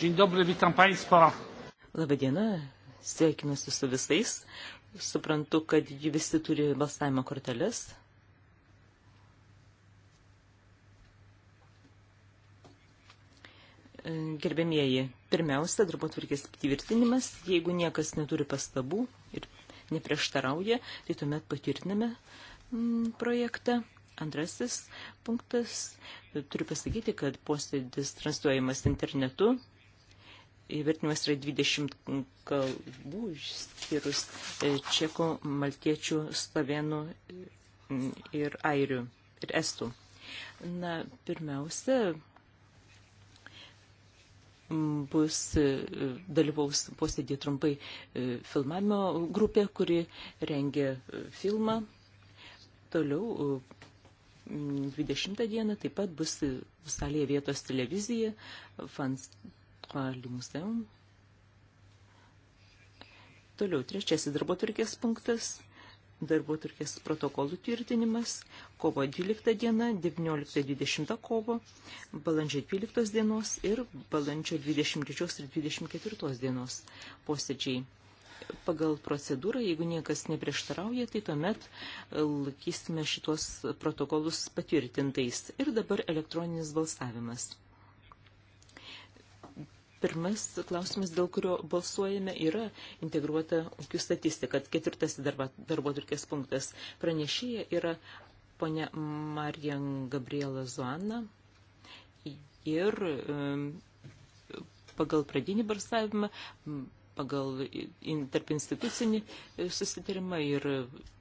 Dzień dobry, witam Państwa. Labadiena, sveikinuosi su visais. Suprantu, kad visi turi balsavimo korteles. Gerbėmieji, pirmiausia, darbo tvarkės patvirtinimas. Jeigu niekas neturi pastabų ir neprieštarauja, tai tuomet patvirtiname mm, projektą. Antrasis punktas, turiu pasakyti, kad posėdis transliuojamas internetu Įvertinimas yra 20 kalbų, išskyrus e, čekų, maltiečių, slovenų ir airių ir estų. Na, pirmiausia, bus e, dalyvaus posėdį trumpai e, filmavimo grupė, kuri rengia filmą. Toliau 20 dieną taip pat bus salėje vietos televizija, fans Limuzem. Toliau trečiasis darbo turkės punktas. Darbo turkės protokolų tvirtinimas. Kovo 12 diena, 19-20 kovo, balandžio 12 dienos ir balandžio 23 ir 24 dienos posėdžiai pagal procedūrą, jeigu niekas neprieštarauja, tai tuomet e, laikysime šitos protokolus patvirtintais. Ir dabar elektroninis balsavimas. Pirmas klausimas, dėl kurio balsuojame, yra integruota ūkių statistika. Ketvirtas darbo, darbo turkės punktas. Pranešėja yra ponia Marijan Gabriela Zuana ir pagal pradinį balsavimą, pagal tarp institucinį e, susitarimą ir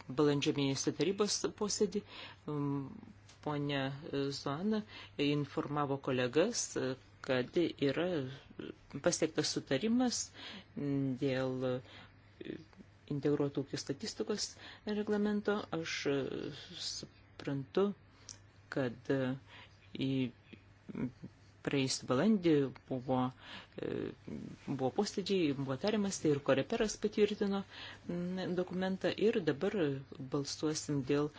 balandžio mėnesio tarybos posėdį, ponia Zuana informavo kolegas, kad yra pasiektas sutarimas dėl integruotų ūkio statistikos reglamento. Aš suprantu, kad į praėjusį valandį buvo, e, buvo posėdžiai, buvo tarimas tai ir koreperas patvirtino dokumentą ir dabar balsuosim dėl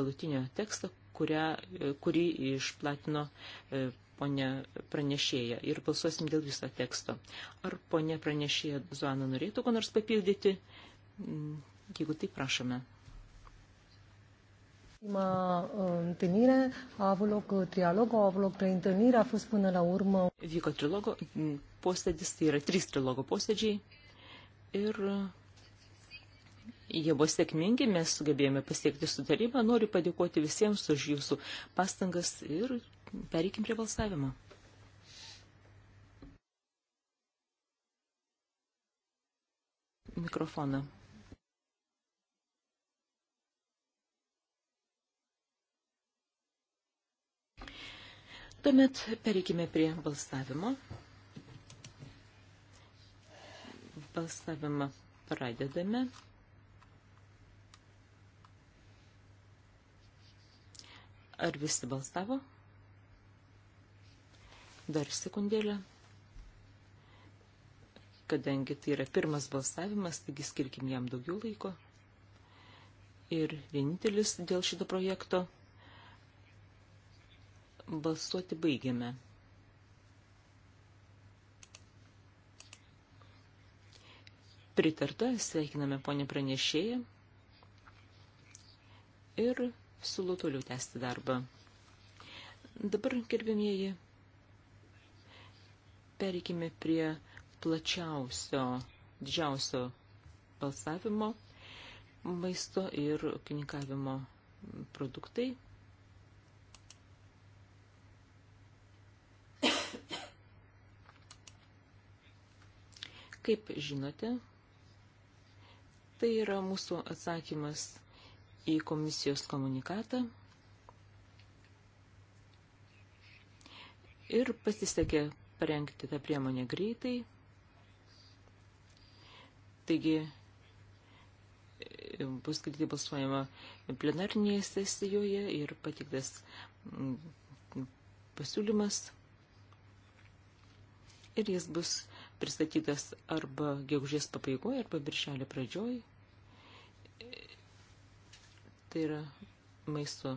galutinio teksto, kurią, e, kurį išplatino e, ponė pranešėja, ir balsuosim dėl viso teksto. Ar ponė pranešėja Zuana norėtų ko nors papildyti? Mm, jeigu taip, prašome. Prima uh, întâlnire a avut loc uh, trialog, au avut loc trei întâlniri, a fost până la urmă... Vyko trilogo mm, posėdis, tai yra trys trilogo posėdžiai ir uh, jie buvo sėkmingi, mes sugebėjome pasiekti sutarimą, noriu padėkoti visiems už jūsų pastangas ir Pereikim prie balsavimo. Mikrofoną. Tuomet pereikime prie balsavimo. Balsavimą pradedame. Ar visi balsavo? Dar sekundėlę. Kadangi tai yra pirmas balsavimas, taigi skirkim jam daugiau laiko. Ir vienintelis dėl šito projekto balsuoti baigiame. Pritarta, sveikiname ponę pranešėją ir siūlau toliau tęsti darbą. Dabar, gerbėmieji, Pereikime prie plačiausio, didžiausio balsavimo maisto ir ūkininkavimo produktai. Kaip žinote, tai yra mūsų atsakymas į komisijos komunikatą. Ir pasisekė parengti tą priemonę greitai. Taigi bus greitai balsuojama plenarnėje sesijoje ir patiktas mm, pasiūlymas. Ir jis bus pristatytas arba gegužės pabaigoje, arba birželio pradžioj. Tai yra maisto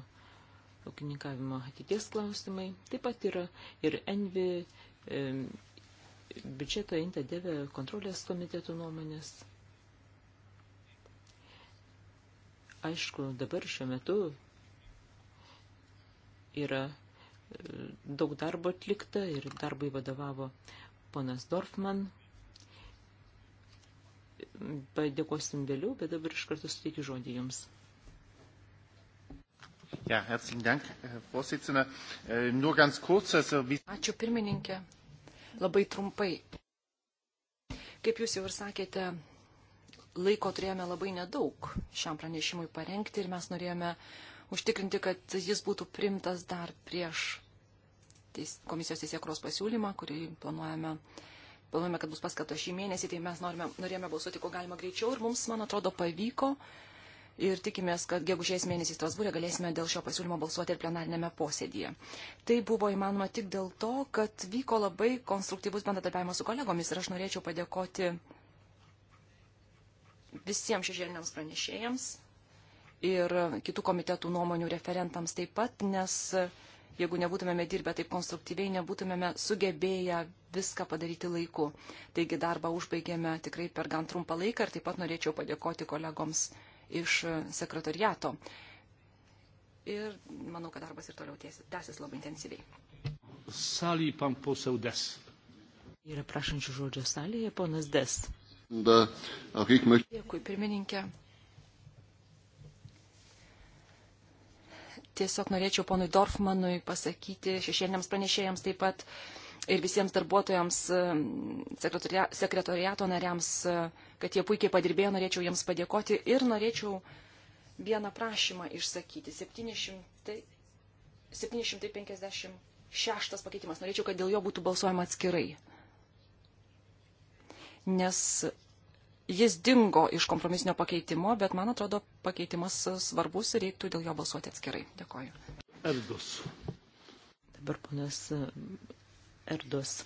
ūkininkavimo ateities klausimai. Taip pat yra ir envi E, biudžeto Inta dėvė kontrolės komitetų nuomonės. Aišku, dabar šiuo metu yra e, daug darbo atlikta ir darbai vadovavo ponas Dorfman. Padėkosim vėliau, bet dabar iš karto suteikiu žodį jums. Ja, herzlichen Dank, Herr Vorsitzender. Äh, nur ganz kurz, also wie... Ačiū pirmininkė. Labai trumpai. Kaip jūs jau ir sakėte, laiko turėjome labai nedaug šiam pranešimui parengti ir mes norėjome užtikrinti, kad jis būtų primtas dar prieš teis, komisijos teisėkros pasiūlymą, kurį planuojame, planuojame, kad bus paskata šį mėnesį, tai mes norime, norėjome balsuoti, ko galima greičiau ir mums, man atrodo, pavyko. Uh, ir tikimės, kad gegužės mėnesį Strasbūrė galėsime dėl šio pasiūlymo balsuoti ir plenarinėme posėdėje. Tai buvo įmanoma tik dėl to, kad vyko labai konstruktyvus bendradarbiavimas su kolegomis ir aš norėčiau padėkoti visiems šešėliniams pranešėjams ir kitų komitetų nuomonių referentams taip pat, nes jeigu nebūtumėme dirbę taip konstruktyviai, nebūtumėme sugebėję viską padaryti laiku. Taigi darbą užbaigėme tikrai per gan trumpą laiką ir taip pat norėčiau padėkoti kolegoms iš sekretariato. Ir manau, kad darbas ir toliau tęsis labai intensyviai. Salį pan pusiau des. Yra prašančių žodžio salėje ponas des. Da, mes... Dėkui, pirmininkė. Tiesiog norėčiau ponui Dorfmanui pasakyti, šešėliniams pranešėjams taip pat, uh, ir visiems darbuotojams, e, sekretoriato nariams, e, kad jie puikiai padirbėjo, norėčiau jiems padėkoti ir norėčiau vieną prašymą išsakyti. 700, 756 pakeitimas. Norėčiau, kad dėl jo būtų balsuojama atskirai. Nes jis dingo iš kompromisinio pakeitimo, bet man atrodo pakeitimas svarbus ir reiktų dėl jo balsuoti atskirai. Dėkoju. Eldos. Dabar ponas Erdus.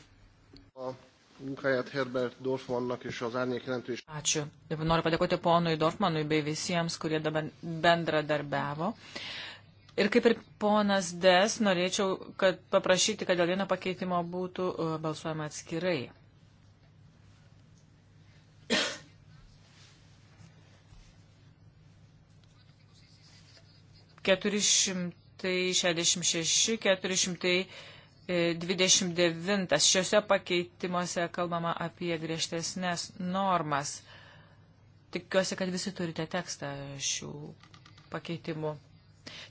Ačiū. Noriu padėkoti ponui Dorfmanui bei visiems, kurie dabar bendradarbiavo. Ir kaip ir ponas Des, norėčiau kad paprašyti, kad dėl vieno pakeitimo būtų e, balsuojama atskirai. Keturi šimtai šešiasdešimt šeši, keturi šimtai 466... 29. Šiuose pakeitimuose kalbama apie griežtesnės normas. Tikiuosi, kad visi turite tekstą šių pakeitimų.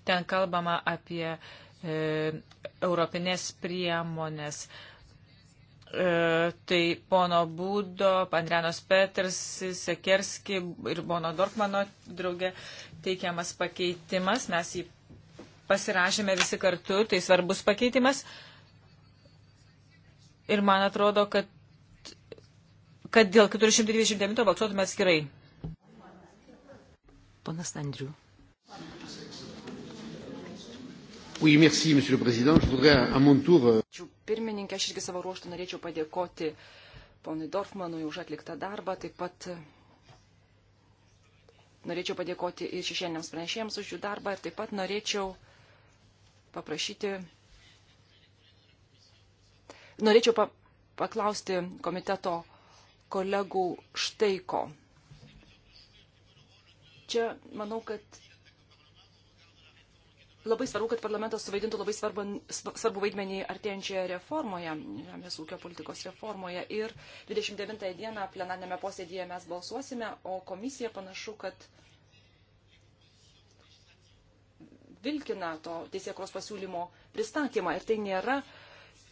Ten kalbama apie e, europinės priemonės. E, tai pono Būdo, Andrianos Peters, Sekerski ir pono Dorkmano draugė teikiamas pakeitimas. Mes jį pasirašėme visi kartu, tai svarbus pakeitimas. E, Ir man atrodo, kad, kad dėl 429 balsuotume atskirai. Ponas Andriu. Oui, merci, monsieur le président. Je voudrais à mon tour. Euh, pirmininkė, aš irgi savo ruoštų norėčiau padėkoti ponui Dorfmanui už atliktą darbą. Taip pat e, norėčiau padėkoti ir šešėliniams pranešėjams už jų darbą. Ir taip pat norėčiau paprašyti Norėčiau pa paklausti komiteto kolegų štai ko. Čia manau, kad labai svarbu, kad parlamentas suvaidintų labai svarbu, svarbu vaidmenį artėjančioje reformoje, žemės ūkio politikos reformoje. Ir 29 dieną plenarnėme posėdėje mes balsuosime, o komisija panašu, kad vilkina to teisėkros pasiūlymo pristatymą. Ir tai nėra uh,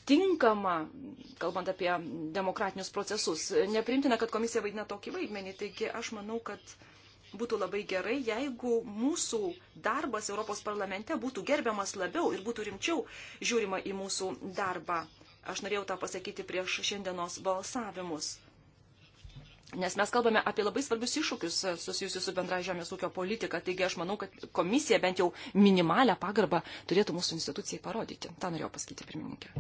tinkama, kalbant apie demokratinius procesus. Neprimtina, kad komisija vaidina tokį vaidmenį, taigi aš manau, kad būtų labai gerai, jeigu mūsų darbas Europos parlamente būtų gerbiamas labiau ir būtų rimčiau žiūrima į mūsų darbą. Aš norėjau tą pasakyti prieš šiandienos balsavimus. Nes mes kalbame apie labai svarbius iššūkius susijusius su bendra žemės ūkio politika, taigi aš manau, kad komisija bent jau minimalę pagarbą turėtų mūsų institucijai parodyti. Ta norėjau pasakyti, pirmininkė.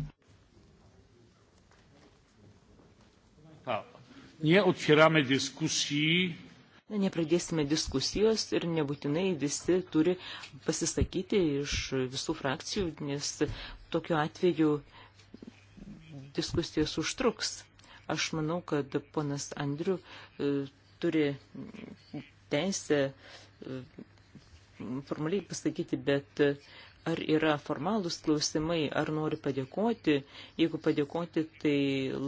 nie otwieramy dyskusji. Nepradėsime diskusijos ir nebūtinai visi turi pasisakyti iš visų frakcijų, nes tokiu atveju diskusijos užtruks. Aš manau, kad ponas Andriu e, turi teisę e, formaliai pasakyti, bet ar yra formalūs klausimai, ar noriu padėkoti. Jeigu padėkoti, tai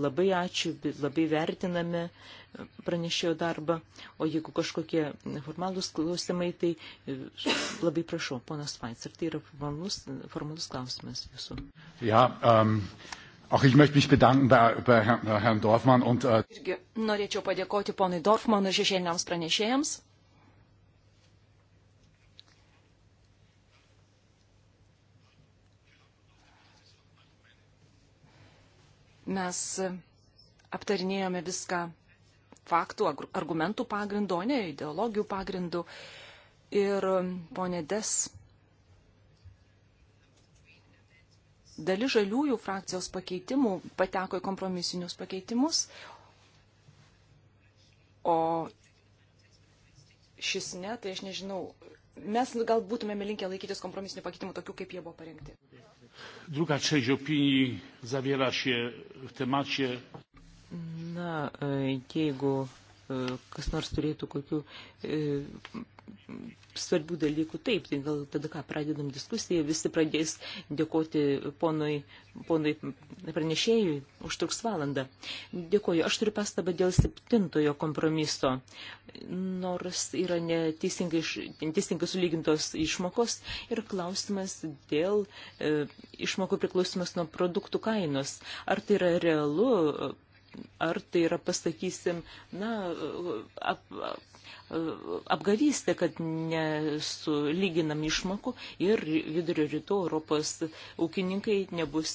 labai ačiū, labai vertiname e, pranešėjo darbą. O jeigu kažkokie formalūs klausimai, tai e, labai prašau, ponas Vaits, ar tai yra formalus, formalus klausimas jūsų? Ja, um... Auch ich möchte mich bedanken bei, bei Herrn, Herrn Dorfmann und. Äh uh... Irgi norėčiau padėkoti ponui Dorfmanui ir šešėliniams pranešėjams. mes aptarinėjome viską faktų, argumentų pagrindu, o ne ideologijų pagrindu. Ir um, ponė Des, dalis žaliųjų frakcijos pakeitimų pateko į kompromisinius pakeitimus, o šis ne, tai aš nežinau, mes gal būtumėme linkę laikytis kompromisinių pakeitimų tokių, kaip jie buvo parengti. Druga część opinii zawiera się w temacie. Na, jeigu kas nors turėtų kokių svarbių dalykų. Taip, tai gal tada ką pradedam diskusiją, visi pradės dėkoti ponui, ponui pranešėjui, užtruks valandą. Dėkoju. Aš turiu pastabą dėl septintojo kompromiso. Nors yra neteisingai, neteisingai sulygintos išmokos ir klausimas dėl e, išmokų priklausimas nuo produktų kainos. Ar tai yra realu? Ar tai yra, pasakysim, na, ap, ap, apgavystė, kad nesulyginam išmokų ir vidurio rytų Europos ūkininkai nebus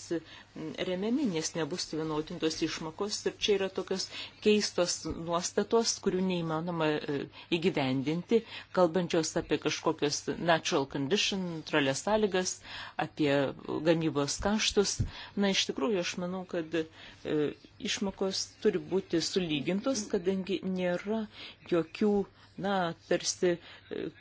remiami, nes nebus vienodintos išmokos. Ir čia yra tokios keistos nuostatos, kurių neįmanoma e, įgyvendinti, kalbančios apie kažkokias natural condition, tralės sąlygas, apie gamybos kaštus. Na, iš tikrųjų, aš manau, kad e, išmokos turi būti sulygintos, kadangi nėra jokių na, tarsi e,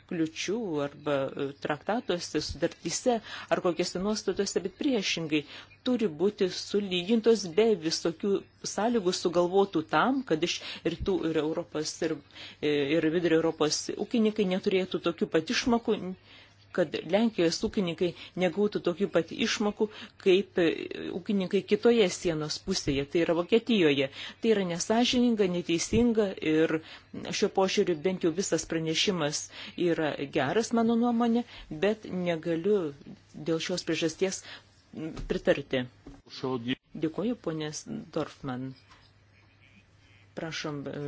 kliučių arba e, traktatuose, sudartyse ar kokiuose nuostatuose, bet priešingai turi būti sulygintos be visokių sąlygų sugalvotų tam, kad iš rytų ir Europos ir, e, ir vidurio Europos ūkininkai neturėtų tokių pat išmokų kad Lenkijos ūkininkai negautų tokių pat išmokų, kaip e, ūkininkai kitoje sienos pusėje, tai yra Vokietijoje. Tai yra nesažininga, neteisinga ir šiuo požiūriu bent jau visas pranešimas yra geras, mano nuomonė, bet negaliu dėl šios priežasties pritarti. Dėkuoju, ponės Dorfman. Prašom e,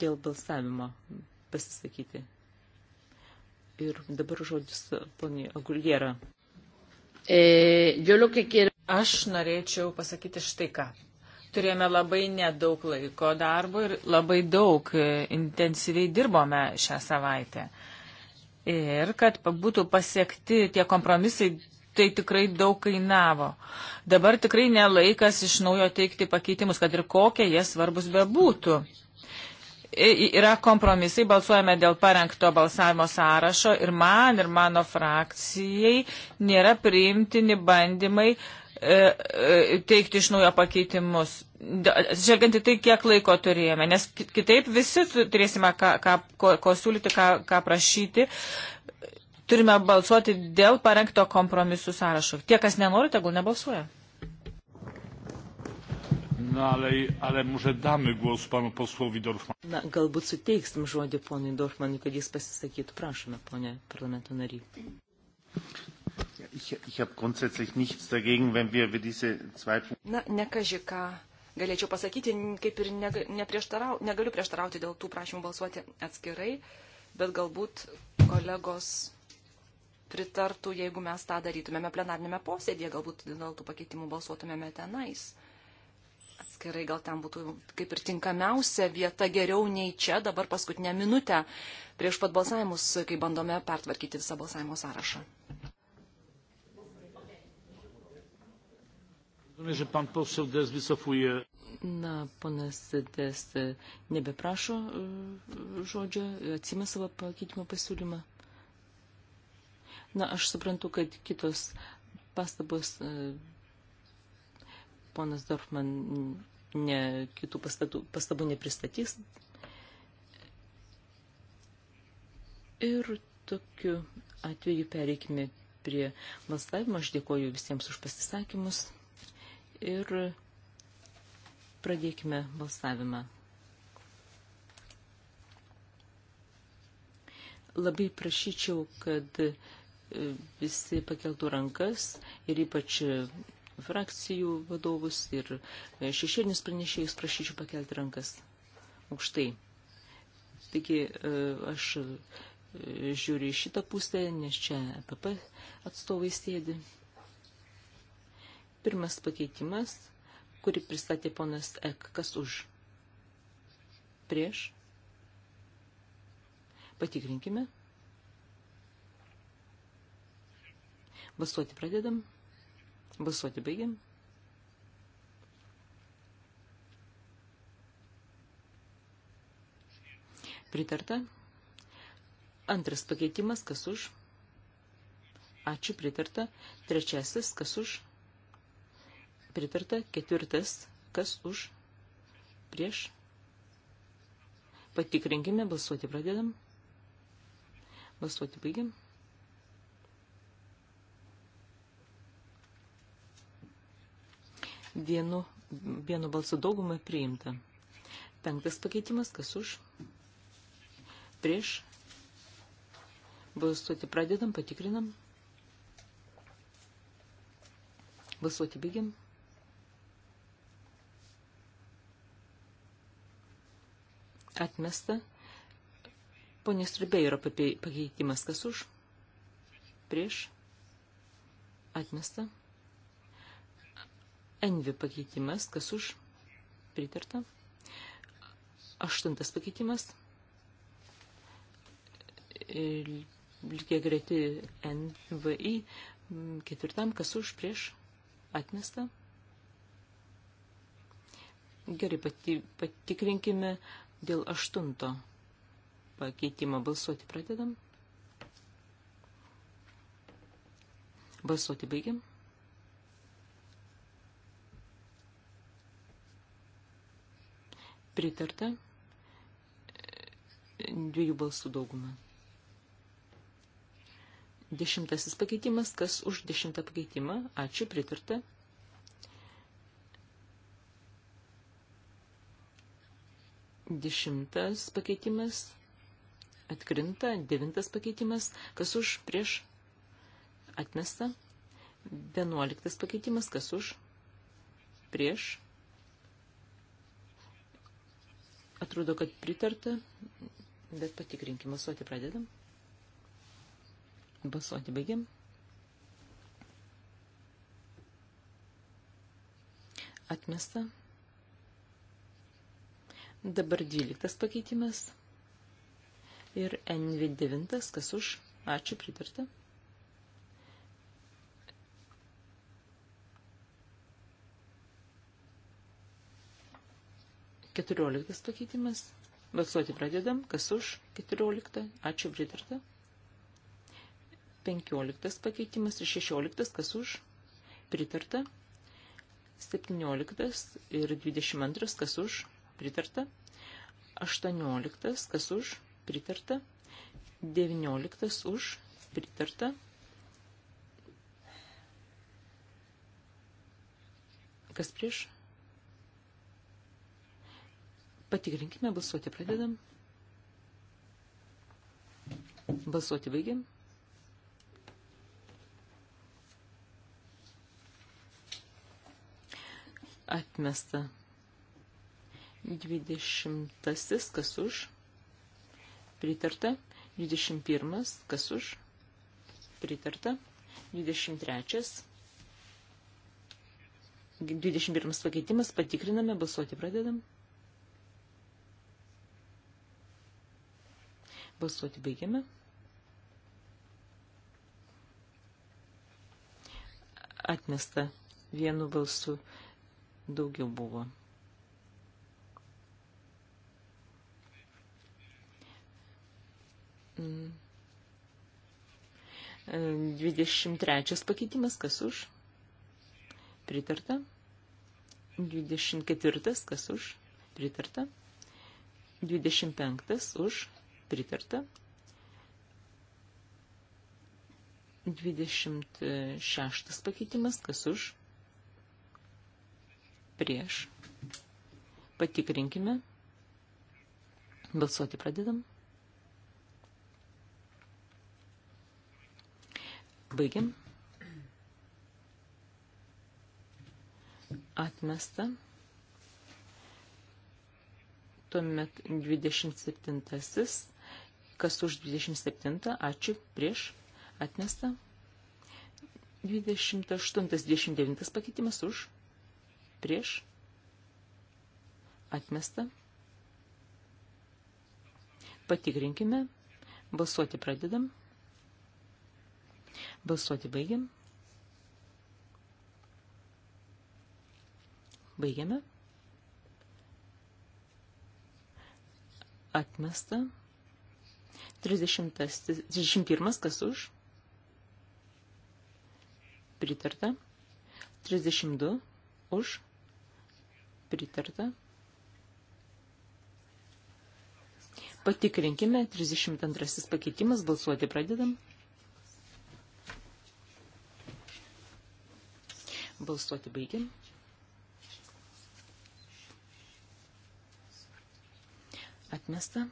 dėl balsavimo pasisakyti. Ir dabar žodis poniai Aguljera. E, Aš norėčiau pasakyti štai ką. Turėjome labai nedaug laiko darbo ir labai daug e, intensyviai dirbome šią savaitę. Ir kad būtų pasiekti tie kompromisai, tai tikrai daug kainavo. Dabar tikrai nelaikas iš naujo teikti pakeitimus, kad ir kokie jie svarbus bebūtų yra kompromisai, balsuojame dėl parengto balsavimo sąrašo ir man ir mano frakcijai nėra priimtini bandymai e, e, teikti iš naujo pakeitimus. Žvelgiant į tai, kiek laiko turėjome, nes kitaip visi turėsime ką, ką, ko, ko siūlyti, ką, ką prašyti. Turime balsuoti dėl parengto kompromisų sąrašo. Tie, kas nenori, tegul nebalsuoja. No, ale, ale może damy głos panu posłowi Dorfmanu. Na, galbūt suteiksim žodį ponui Dorfmanui, kad jis pasisakytų. Prašome, ponė parlamento nary. Ich, ich habe grundsätzlich nichts dagegen, wenn wir über diese zwei Punkte. Na, ne kažį ką galėčiau pasakyti, kaip ir ne, ne prieštarau, negaliu prieštarauti dėl tų prašymų balsuoti atskirai, bet galbūt kolegos pritartų, jeigu mes tą darytumėme plenarnėme posėdėje, galbūt dėl tų pakeitimų balsuotumėme tenais atskirai, gal ten būtų kaip ir tinkamiausia vieta geriau nei čia dabar paskutinę minutę prieš pat balsavimus, kai bandome pertvarkyti visą balsavimo sąrašą. Na, ponas Des e, nebeprašo žodžio, e, atsima savo pakeitimo pasiūlymą. Na, aš suprantu, kad kitos pastabos e, ponas Dorfman ne, kitų pastatų, pastabų nepristatys. Ir tokiu atveju pereikime prie balsavimo. Aš dėkoju visiems už pasisakymus ir pradėkime balsavimą. Labai prašyčiau, kad e, visi pakeltų rankas ir ypač frakcijų vadovus ir e, šešėlinis pranešėjus prašyčiau pakelti rankas aukštai. Taigi e, aš e, žiūriu į šitą pusę, nes čia PP atstovai sėdi. Pirmas pakeitimas, kurį pristatė ponas Ek, kas už? Prieš? Patikrinkime. Balsuoti pradedam. Balsuoti baigiam. Pritarta. Antras pakeitimas, kas už. Ačiū, pritarta. Trečiasis, kas už. Pritarta. Ketvirtas, kas už. Prieš. Patikrinkime, balsuoti pradedam. Balsuoti baigiam. vienu, vienu balsu daugumą priimta. Penktas pakeitimas, kas už, prieš, balsuoti pradedam, patikrinam, balsuoti baigiam. Atmesta. Ponės Ribė yra pakeitimas, kas už, prieš, atmesta. Envi pakeitimas, kas už, pritarta. Aštuntas pakeitimas, lygiai greti NVI, ketvirtam, kas už, prieš, atmesta. Gerai, pati, patikrinkime dėl aštunto pakeitimo. Balsuoti pradedam. Balsuoti baigiam. pritarta dviejų balsų daugumą. Dešimtasis pakeitimas, kas už dešimtą pakeitimą, ačiū, pritarta. Dešimtas pakeitimas, atkrinta, devintas pakeitimas, kas už prieš atmesta. Vienuoliktas pakeitimas, kas už prieš atmesta Atrodo, kad pritarta, bet patikrinkim. Balsuoti pradedam. Balsuoti baigiam. Atmesta. Dabar dvyliktas pakeitimas. Ir NV9, kas už. Ačiū, pritarta. 14 pakeitimas. Balsuoti pradedam. Kas už? 14. Ačiū, pritarta. 15 pakeitimas ir 16. Kas už? Pritarta. 17 ir 22. Kas už? Pritarta. 18. Kas už? Pritarta. 19. Už? Pritarta. Kas prieš? Patikrinkime, balsuoti pradedam. Balsuoti baigiam. Atmesta. Dvidešimtasis, kas už. Pritarta. Dvidešimt pirmas, kas už. Pritarta. Dvidešimt trečias. 21 pakeitimas, patikriname, balsuoti pradedam. Balsuoti baigiame. Atmesta. Vienu balsu daugiau buvo. Mm. 23 pakeitimas, kas už? Pritarta. 24, kas už? Pritarta. 25 už? pritarta. 26 pakeitimas, kas už, prieš. Patikrinkime. Balsuoti pradedam. Baigiam. Atmesta. Tuomet 27. Kas už 27, ačiū, prieš, atmesta. 28, 29 pakeitimas už, prieš, atmesta. Patikrinkime, balsuoti pradedam, balsuoti baigiam. Baigiame. Atmesta. 30, 31, kas už? Pritarta. 32, už? Pritarta. Patikrinkime, 32 pakeitimas, balsuoti pradedam. Balsuoti baigiam. Atmesta.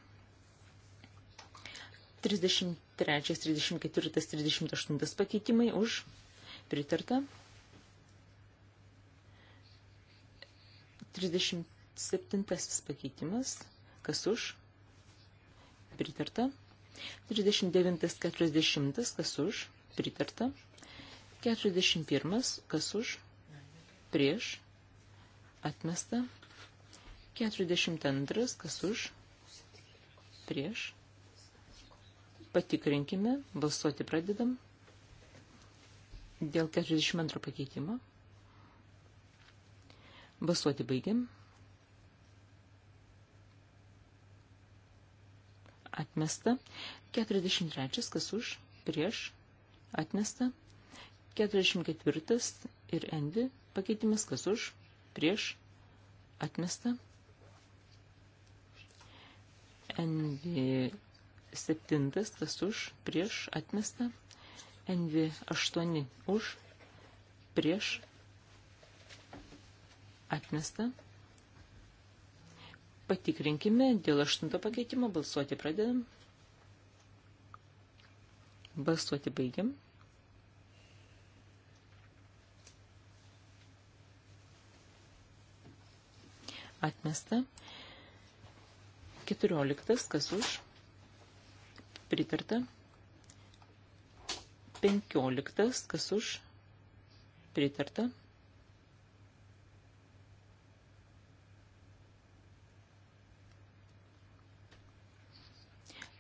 33, 34, 38 pakeitimai už pritarta. 37 pakeitimas, kas už pritarta. 39, 40, kas už pritarta. 41, kas už prieš atmesta. 42, kas už prieš patikrinkime, balsuoti pradedam dėl 42 pakeitimo. Balsuoti baigiam. Atmesta. 43. Kas už? Prieš. Atmesta. 44. Ir endi. Pakeitimas. Kas už? Prieš. Atmesta. Endi septintas, tas už, prieš, atmesta. NV 8 už, prieš, atmesta. Patikrinkime, dėl aštunto pakeitimo balsuoti pradedam. Balsuoti baigiam. Atmesta. Keturioliktas, kas už? pritarta. 15, kas už, pritarta.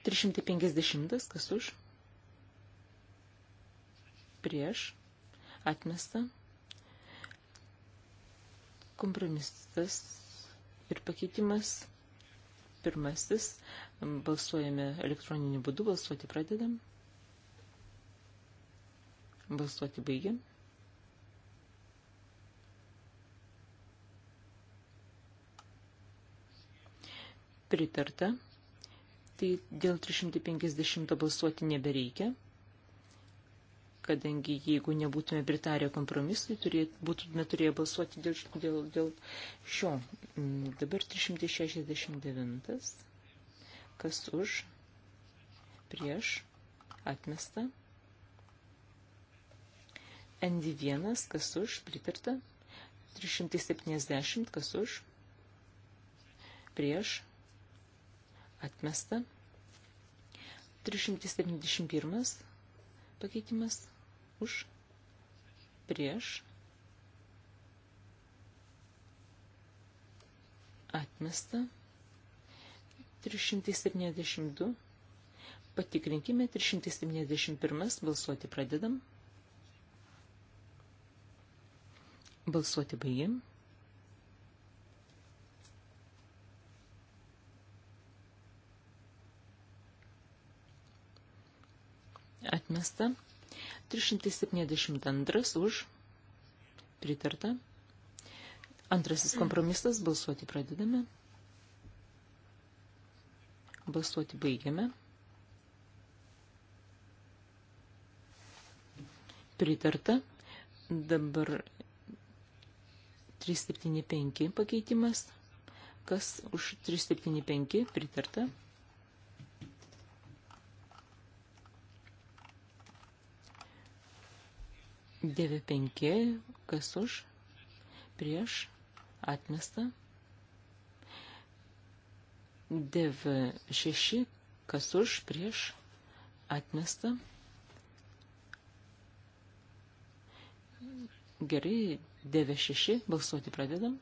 Trišimtai penkisdešimtas, kas už, prieš, atmesta, kompromisas ir pakeitimas, pirmasis, Balsuojame elektroniniu būdu, balsuoti pradedam. Balsuoti baigiam. Pritarta. Tai dėl 350 balsuoti nebereikia, kadangi jeigu nebūtume pritarę kompromisui, turėt, būtume turėję balsuoti dėl, dėl, dėl šio. Mm, dabar 369 kas už, prieš, atmesta. ND1, kas už, pritarta. 370, kas už, prieš, atmesta. 371 pakeitimas už, prieš, atmesta. 372. Patikrinkime 371. Balsuoti pradedam. Balsuoti baigim. Atmesta. 372 už. Pritarta. Antrasis kompromisas. Balsuoti pradedame. Balsuoti baigiame. Pritarta. Dabar 375 pakeitimas. Kas už 375 pritarta? Dėvė penki, kas už, prieš, atmesta. DV6, kas už, prieš, atmesta. Gerai, DV6, balsuoti pradedam.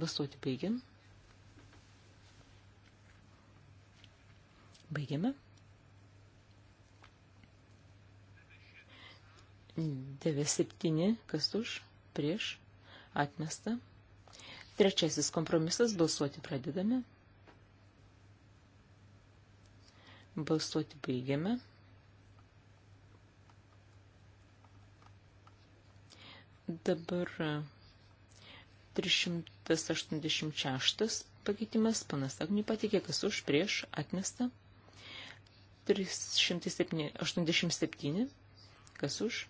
Balsuoti baigiam. Baigiame. 97, kas už, prieš, atmesta. Trečiasis kompromisas balsuoti pradedame. Balsuoti baigiame. Dabar 386 e, pakeitimas, panas Agnių patikė, kas už prieš atmesta. 387, kas už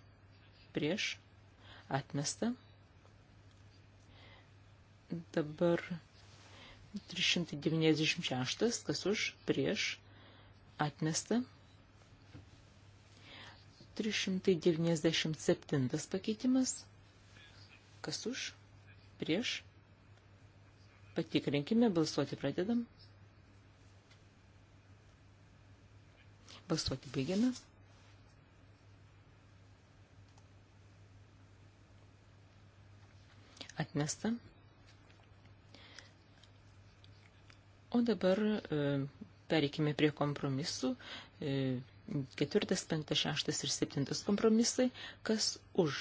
prieš atmesta. Dabar 396, kas už, prieš, atmesta. 397 pakeitimas, kas už, prieš. Patikrinkime, balsuoti pradedam. Balsuoti baigiame. Atmesta. O dabar e, pereikime prie kompromisų. E, ketvirtas, penktas, šeštas ir septintas kompromisai. Kas už?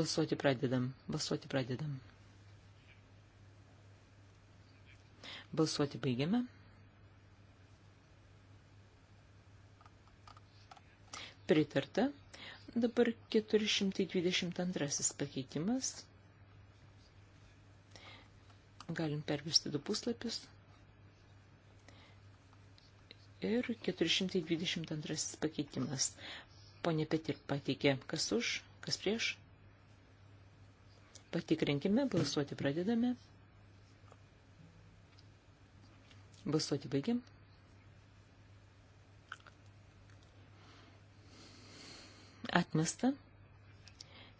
Balsuoti pradedam. Balsuoti pradedam. Balsuoti baigiame. Pritarta. Dabar 422 pakeitimas. Galim pervesti du puslapius ir 422 pakeitimas. Pone Petir pateikė, kas už, kas prieš. Patikrinkime, balsuoti pradedame. Balsuoti baigiam. Atmesta.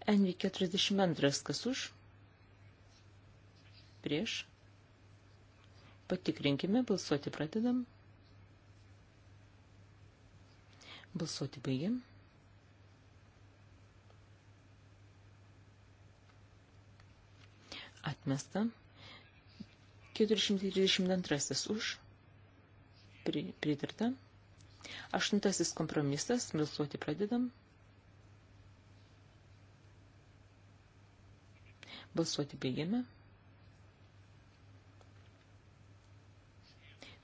NV42 kas už. Prieš. Patikrinkime, balsuoti pradedam. Balsuoti baigiam. Atmesta. 432 už. Pritarta. Aštuntasis kompromisas. Balsuoti pradedam. Balsuoti baigiame.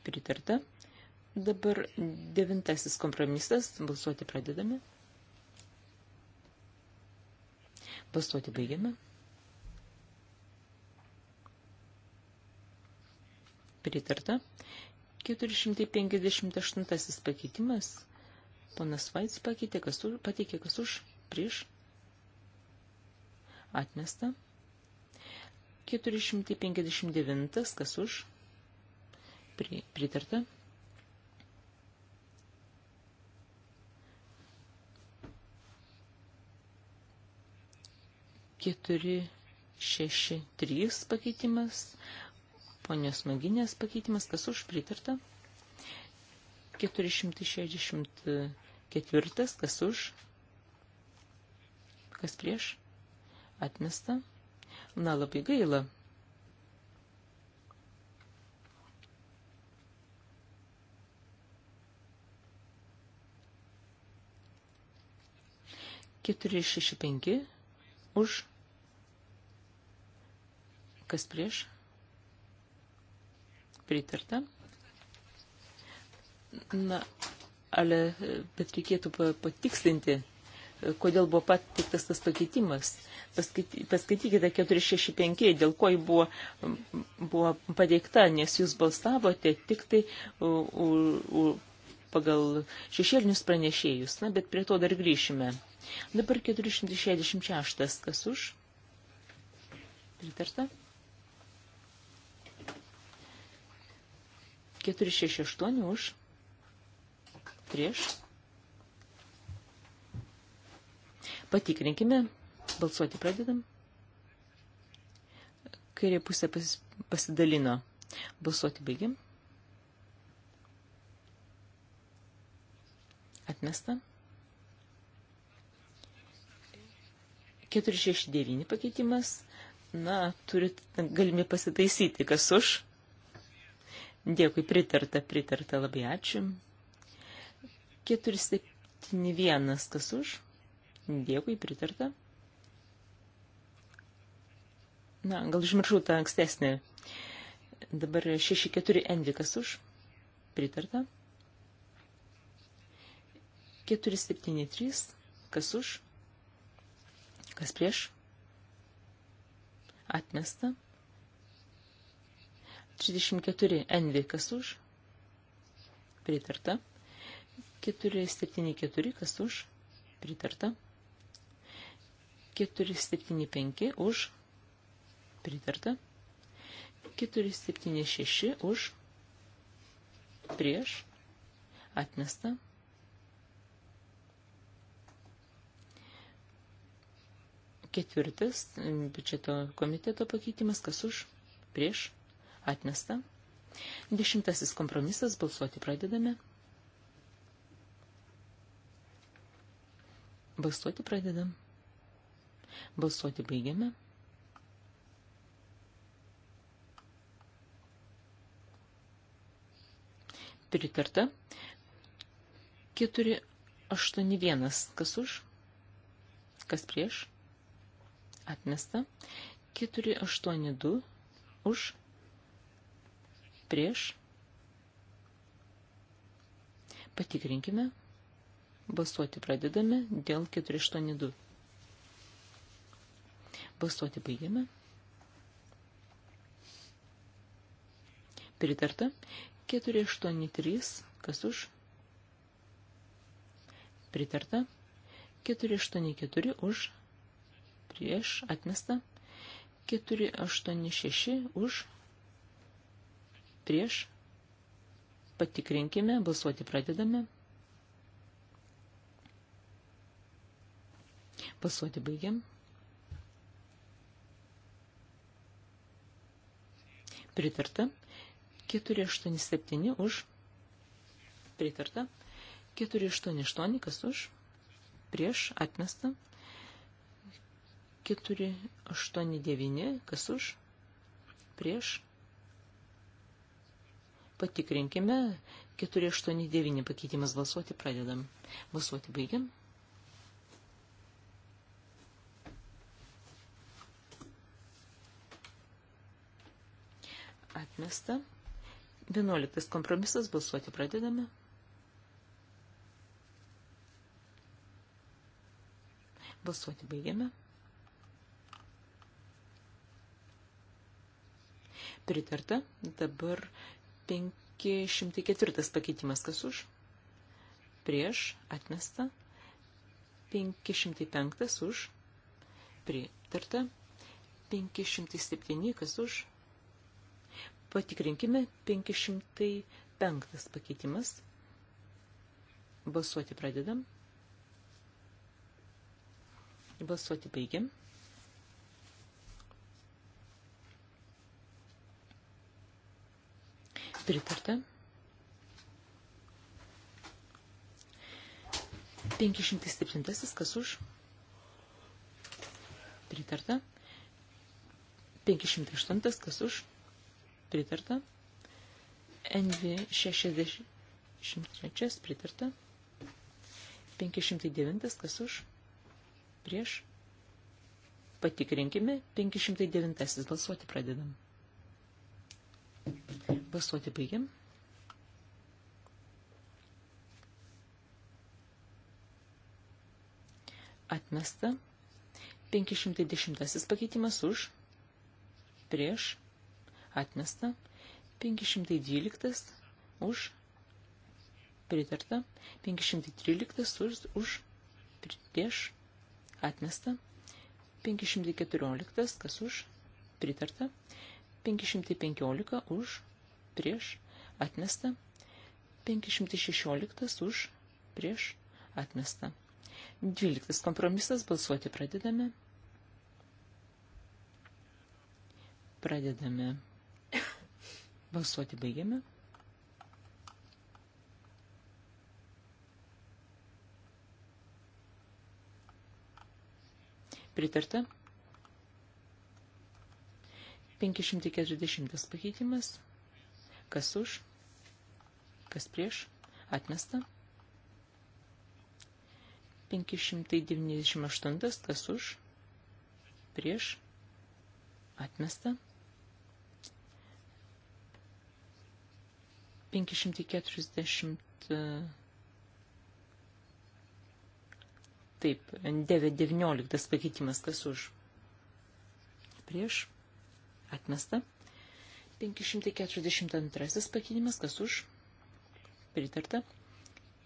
Pritarta. Dabar devintasis kompromisas. Balsuoti pradedame. Balsuoti baigiame. Pritarta. 458 pakeitimas. Ponas Vaits pakeitė, kas už, pateikė, kas už, prieš. Atmesta. 459, kas už, pritarta. 463 pakeitimas, ponios maginės pakeitimas, kas už pritarta. 464, kas už, kas prieš, atmesta. Na, labai gaila. Keturi šeši penki už Kas prieš? Pritarta. Na, ale, bet reikėtų patikslinti, kodėl buvo patiktas tas pakeitimas. Paskaitykite 465, dėl ko jį buvo, buvo pateikta, nes jūs balsavote tik tai u, u, pagal šešėlinius pranešėjus. Na, bet prie to dar grįšime. Dabar 466, kas už? Pritarta? 468 už, prieš. Patikrinkime, balsuoti pradedam. Kairė pusė pas, pasidalino. Balsuoti baigiam. Atmesta. 469 pakeitimas. Na, turit galimi pasitaisyti, kas už Dėkui, pritarta, pritarta, labai ačiū. 471, kas už? Dėkui, pritarta. Na, gal užmiršau tą ankstesnį. Dabar 64 envikas už. Pritarta. 473, kas už? Kas prieš? Atmesta. 34 NV kas už, pritarta. 474 kas už, pritarta. 475 už, pritarta. 476 už, prieš, atmesta. Ketvirtas biudžeto mm, komiteto pakeitimas, kas už, prieš, Atmesta. Dešimtasis kompromisas. Balsuoti pradedame. Balsuoti pradedam. Balsuoti baigiame. Pritarta. 481. Kas už? Kas prieš? Atmesta. 482. Už prieš. Patikrinkime. Balsuoti pradedame dėl 482. Balsuoti baigiame. Pritarta 483, kas už? Pritarta 484 už, prieš atmesta 486 už, prieš, patikrinkime, balsuoti pradedame. Balsuoti baigiam. Pritarta. 487 už. Pritarta. 488 kas už. Prieš atmestą. 489 kas už. Prieš Patikrinkime. 489 pakeitimas balsuoti pradedam. Balsuoti baigiam. Atmesta. 11 kompromisas balsuoti pradedame. Balsuoti baigiame. Pritarta. Dabar 504 pakeitimas kas už, prieš atmesta, 505 už, pritarta, 507 kas už, patikrinkime 505 pakeitimas, balsuoti pradedam, balsuoti baigiam. Pritarta. 507. Kas už? Pritarta. 508. Kas už? Pritarta. NV 63. Pritarta. 509. Kas už? Prieš. Patikrinkime. 509. Balsuoti pradedam. Balsuoti baigiam. Atmesta. 510 pakeitimas už. Prieš. Atmesta. 512 už. Pritarta. 513 už. už prieš. Atmesta. 514 kas už. Pritarta. 515 už prieš, atmesta. 516 už, prieš, atmesta. 12 kompromisas, balsuoti pradedame. Pradedame. Balsuoti baigiame. Pritarta. 540 pakeitimas. Kas už? Kas prieš? Atmesta. 598. Kas už? Prieš? Atmesta. 540. Taip, 919 pakeitimas, kas už? Prieš? Atmesta. 542 pakeitimas, kas už, pritarta.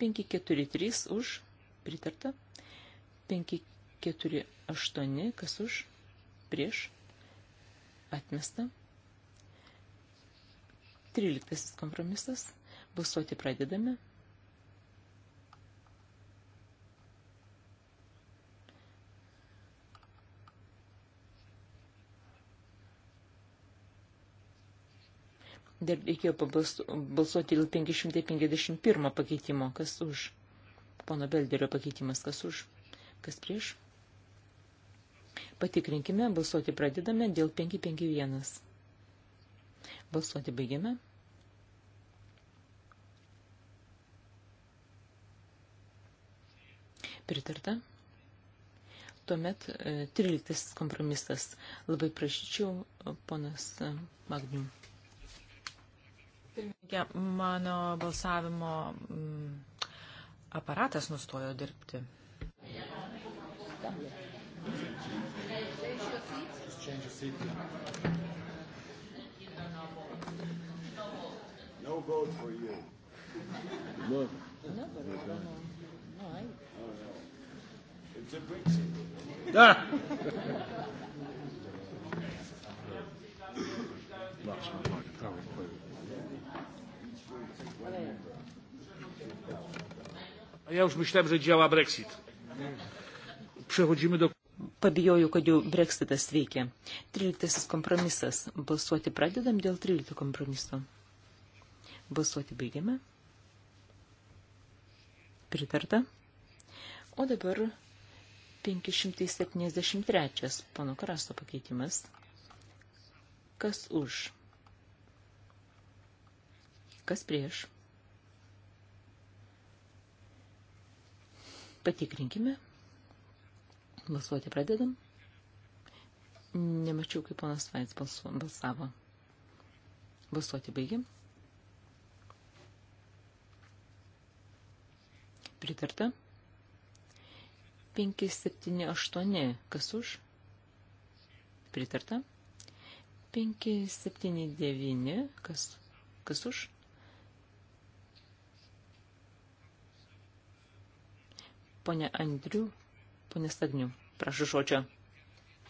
543 už, pritarta. 548, kas už, prieš, atmesta. 13 kompromisas, balsuoti pradedame. 548. dar reikėjo balsuoti dėl 551 pakeitimo. Kas už? Pono Belderio pakeitimas. Kas už? Kas prieš? Patikrinkime, balsuoti pradedame dėl 551. Balsuoti baigiame. Pritarta. Tuomet 13 e, kompromisas. Labai prašyčiau, ponas e, Magnum. Pirmininkė, mano balsavimo mm, aparatas nustojo dirbti. No vote for you. No. No, but I don't know. No, I. Oh, no. It's a Brexit. Ah! Last one, pardon. Ja już myślałem, że działa Brexit. Przechodzimy do. Pabijoju, kad jau breksitas veikia. 13 kompromisas. Balsuoti pradedam dėl 13 kompromiso. Balsuoti baigiame. Pritarta. O dabar 573 pono krasto pakeitimas. Kas už? Kas prieš? Patikrinkime. Balsuoti pradedam. Nemačiau, kaip ponas Vaits balsavo. Balsuoti baigiam. Pritarta. 5, 7, 8. Kas už? Pritarta. 5, 7, 9. Kas, kas už? Pone Andriu, pone Stagniu, prašau žodžio.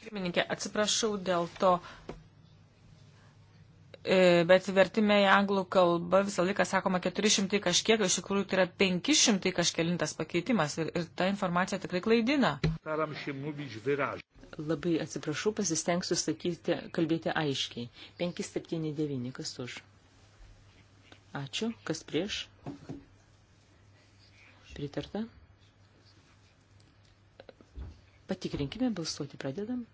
Pirmininkė, atsiprašau dėl to, e, bet vertime į anglų kalbą visą laiką sakoma 400 kažkiek, iš tikrųjų tai yra 500 kažkelintas pakeitimas ir, ir ta informacija tikrai klaidina. Labai atsiprašau, pasistengsiu sakyti, kalbėti aiškiai. 579, kas už? Ačiū, kas prieš? Pritarta. Patikrinkime, balsuoti pradedam.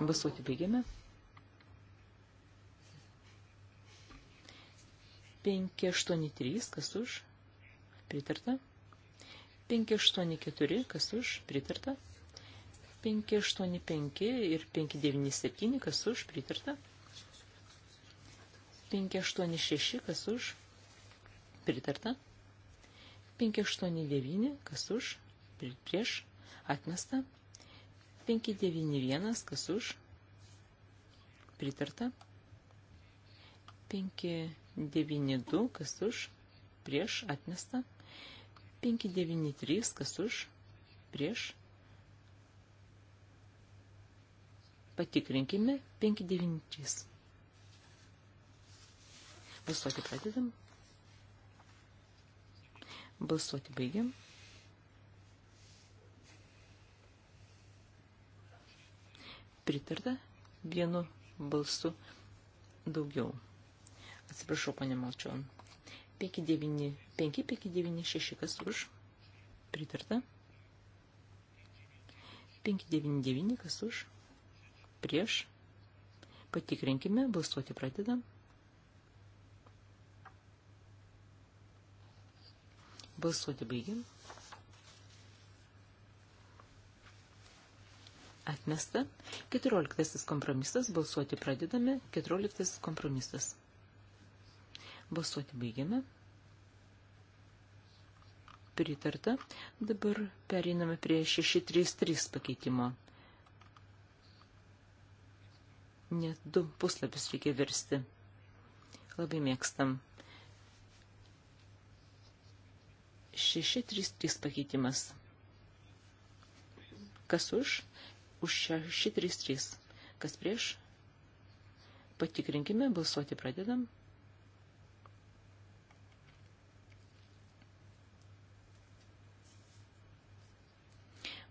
Balsuoti baigiame. 583, kas už, pritarta. 584, kas už, pritarta. 585 ir 597, kas už, pritarta. 586, kas už, pritarta. 589, kas už, prieš, atmesta. 591, kas už, pritarta. 592, kas už, prieš, atmesta. 593, kas už, prieš. Patikrinkime 593. Visuoti pradedam. Balsuoti baigiam. Pritarta vienu balsu daugiau. Atsiprašau, ponė Malčion. 5-9, 5-5-9-6, kas už? Pritarta. 5-9-9, kas už? Prieš. Patikrinkime, balsuoti pradedam. 5-9-9. Balsuoti baigim. Atmesta. 14 kompromisas. Balsuoti pradedame. 14 kompromisas. Balsuoti baigiame. Pritarta. Dabar pereiname prie 633 pakeitimo. Net du puslapius reikia versti. Labai mėgstam 633 pakeitimas. Kas už? Už 633. Kas prieš? Patikrinkime, balsuoti pradedam.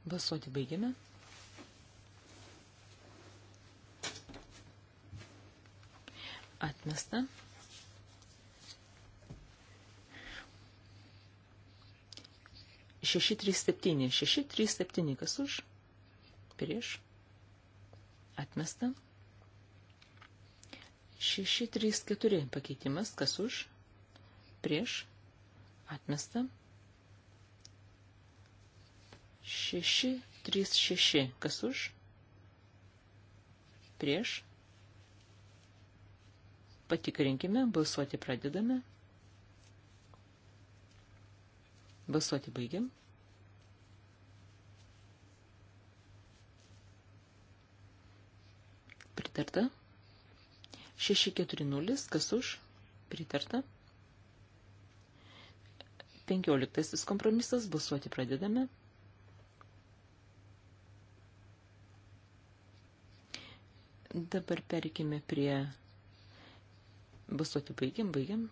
Balsuoti baigiame. Atmesta. 637. 637. Kas už? Prieš. Atmesta. 634. Pakeitimas. Kas už? Prieš. Atmesta. 636. Kas už? Prieš. Patikrinkime. Balsuoti pradedame. Balsuoti baigiam. pritarta. 640, kas už, pritarta. 15 kompromisas, balsuoti pradedame. Dabar perikime prie balsuoti baigiam, baigiam.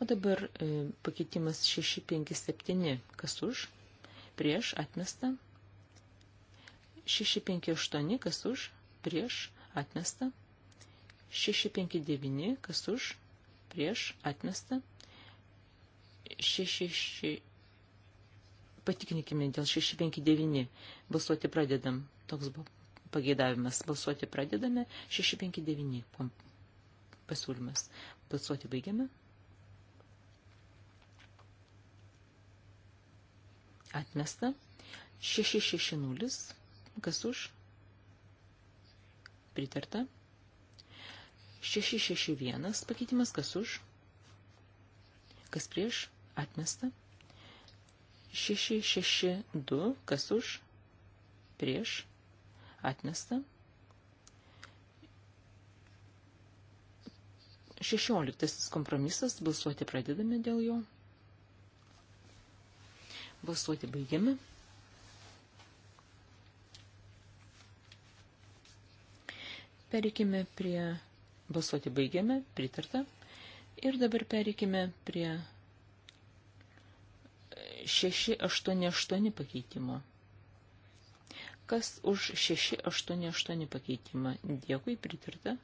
O dabar e, pakeitimas 657, kas už, prieš, atmesta. 657. 658, kas už, prieš, atmesta. 659, kas už, prieš, atmesta. 66. Patikrinkime dėl 659. Balsuoti pradedam. Toks buvo pageidavimas. Balsuoti pradedame. 659 pasiūlymas. Balsuoti baigiame. Atmesta. 660 Kas už? Pritarta. 661 pakeitimas. Kas už? Kas prieš? Atmesta. 662. Kas už? Prieš? Atmesta. 16 kompromisas, balsuoti pradedame dėl jo. Balsuoti baigiame. Perikime prie balsuoti baigiame, pritarta. Ir dabar perikime prie 688 pakeitimo. Kas už 688 pakeitimą? Dėkui, pritarta.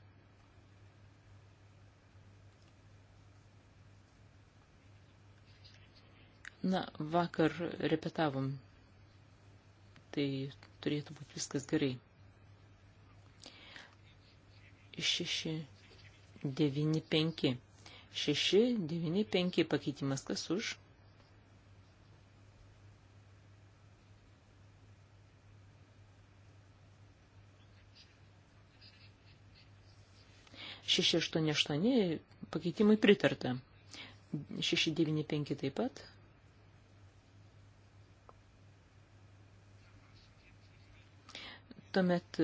Na, vakar repetavom. Tai turėtų būti viskas gerai. 6, 9, 5. 6, 9, 5 pakeitimas kas už? Šeši aštuoni aštuoni pakeitimai pritarta. Šeši devyni penki taip pat. Tuomet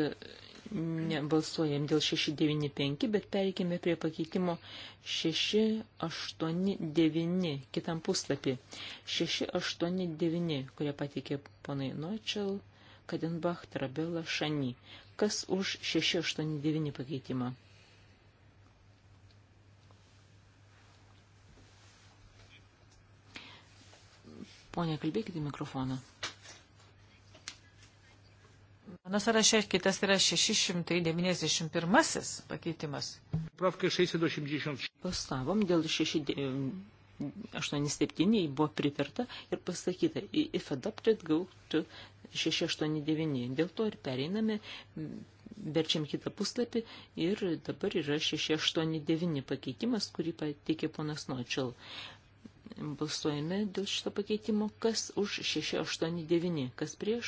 nebalsuojam dėl 695, bet pereikime prie pakeitimo 689 kitam puslapį. 689, kurie pateikė ponai Nočel, Kadenbach, Trabela, Šani. Kas už 689 pakeitimą? Pone, kalbėkite mikrofoną. Mano sąraše kitas yra 691 pakeitimas. Pravka 680. Pastavom dėl 687 buvo pritarta ir pasakyta, if adopted gautų 689. Dėl to ir pereiname, verčiam kitą puslapį ir dabar yra 689 pakeitimas, kurį pateikė ponas Nočel. Balsuojame dėl šito pakeitimo, kas už 689, kas prieš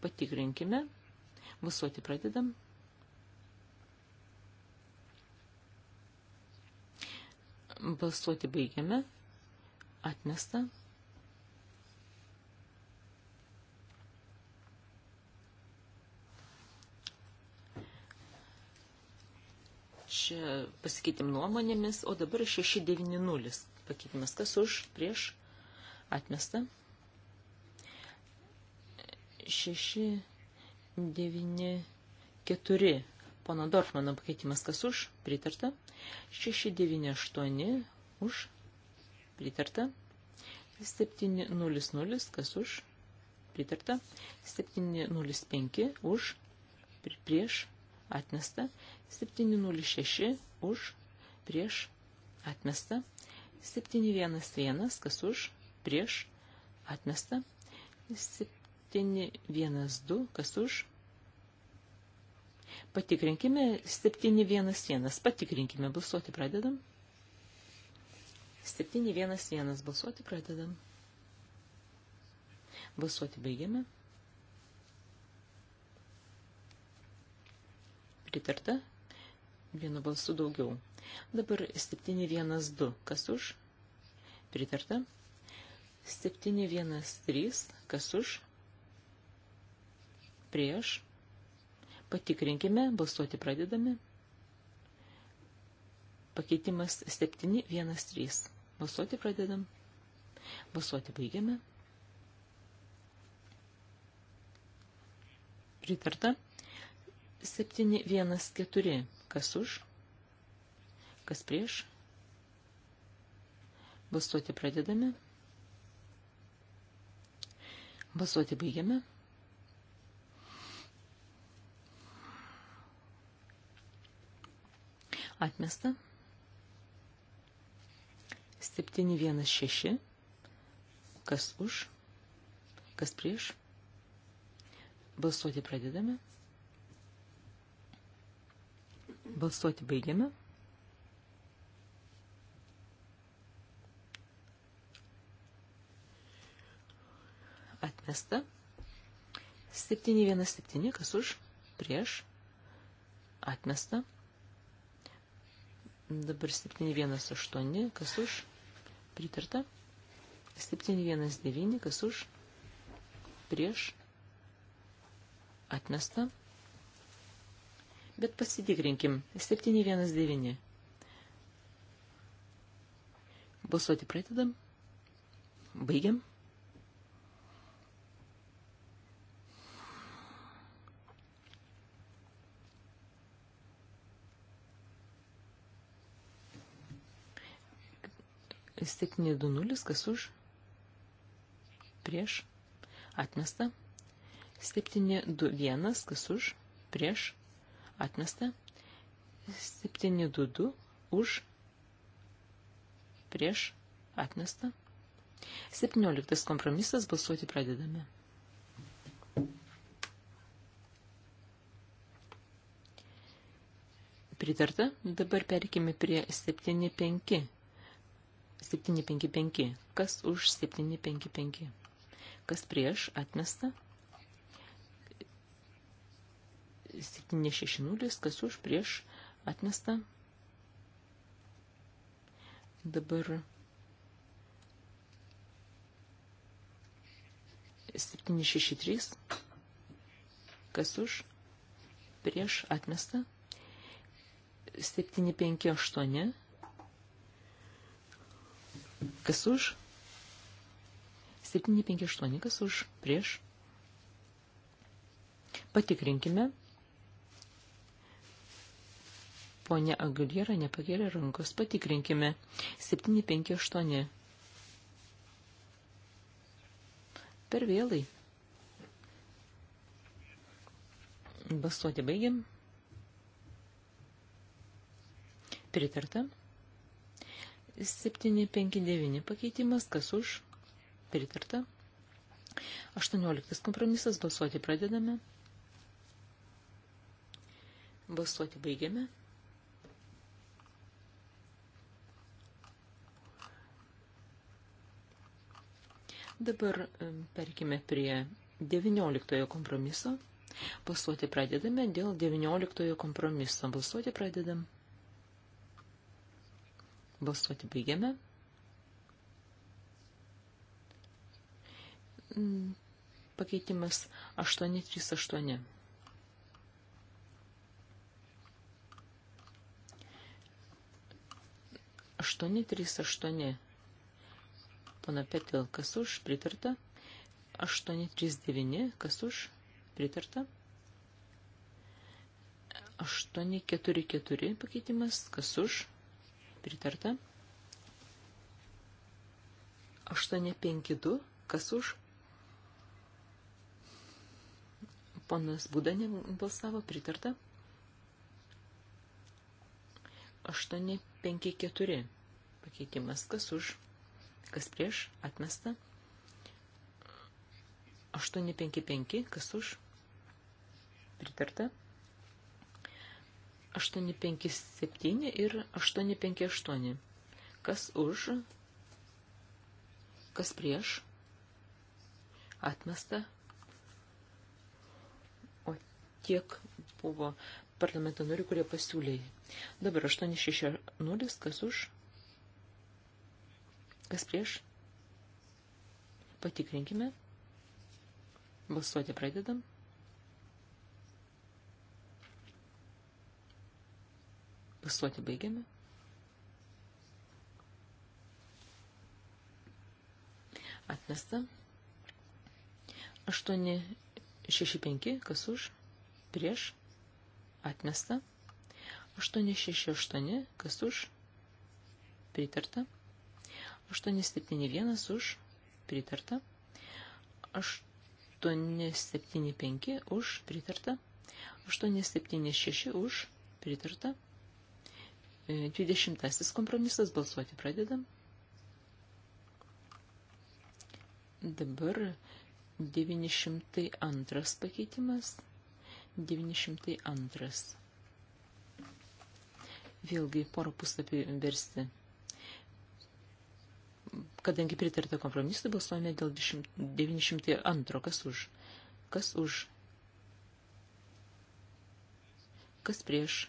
Patikrinkime. Musuoti pradedam. Balsuoti baigiame. Atmesta. čia pasikeitim nuomonėmis, o dabar 690 pakeitimas. Kas už, prieš, atmesta. 6, 9, 4. Pono Dorfmano pakeitimas kas už? Pritarta. 6, 9, 8 už? Pritarta. 7, 0, 0 kas už? Pritarta. 7, 0, 5 už? Prieš? Atmesta. 7, 0, 6 už? Prieš? Atmesta. 7, 1, 1 kas už? Prieš? Atmesta. 7, 712, kas už? Patikrinkime 711, patikrinkime, balsuoti pradedam. 711, balsuoti pradedam. Balsuoti baigiame. Pritarta. Vienu balsu daugiau. Dabar 712, kas už? Pritarta. 713, kas už? prieš, patikrinkime, balsuoti pradedame. Pakeitimas 713. Balsuoti pradedam. Balsuoti baigiame. Pritarta. 714. Kas už? Kas prieš? Balsuoti pradedame. Balsuoti baigiame. Atmesta. 716. Kas už? Kas prieš? Balsuoti pradedame. Balsuoti baigiame. Atmesta. 717. Kas už? Prieš? Atmesta. 718. Dabar 718, kas už? Pritarta. 719, kas už? Prieš. Atmesta. Bet pasitikrinkim. 719. Balsuoti pradedam. Baigiam. 720, kas už, prieš, atmesta. 721, kas už, prieš, atmesta. 722, už, prieš, atmesta. 17 kompromisas balsuoti pradedame. Pritarta, dabar perkime prie 7.5. 755. Kas už 755? Kas prieš atmesta? 760. Kas už prieš atmesta? Dabar 763. Kas už prieš atmestą? 758 Kas už? 758. Kas už? Prieš? Patikrinkime. Pone Aguliera nepagėrė rankos. Patikrinkime. 758. Per vėlai. Basuoti baigiam. Pritarta. 759 pakeitimas, kas už, pritarta. 18 kompromisas, balsuoti pradedame. Balsuoti baigiame. Dabar perkime prie 19 kompromiso. Balsuoti pradedame dėl 19 kompromiso. Balsuoti pradedame. Balsuoti baigiame. Mm, pakeitimas 838. Aštuoni, trys, aštuoni. Pana Petil, kas už, pritarta. 839, kas už, pritarta. 844 pakeitimas, kas už, pritarta pritarta. 852, kas už? Ponas Būda nebalsavo, pritarta. 854 pakeitimas, kas už, kas prieš, atmesta. 855, kas už, pritarta. 857 ir 858. Kas už, kas prieš, atmesta. O tiek buvo parlamento narių, kurie pasiūlė. Dabar 860, kas už, kas prieš. Patikrinkime. Balsuoti pradedam. Balsuoti baigiame. Atmesta. 8, 6, 5, kas už, prieš, atmesta. 8, 6, 8, kas už, pritarta. 8, 7, 1, už, pritarta. 8, 875 už pritarta, 876 už pritarta, 20 e, kompromisas balsuoti pradedam. Dabar 902 pakeitimas. 902. Vėlgi porą puslapį versti. Kadangi pritarta kompromisui, balsuojame dėl 902. Kas už? Kas už? Kas prieš?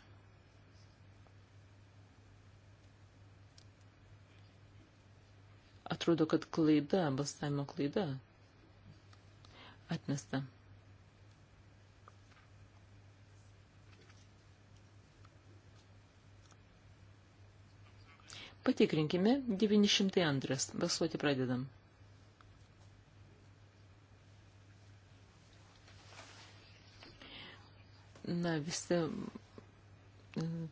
Atrodo, kad klaida, balsavimo klaida atmesta. Patikrinkime 902. Balsuoti pradedam. Na, visi mm,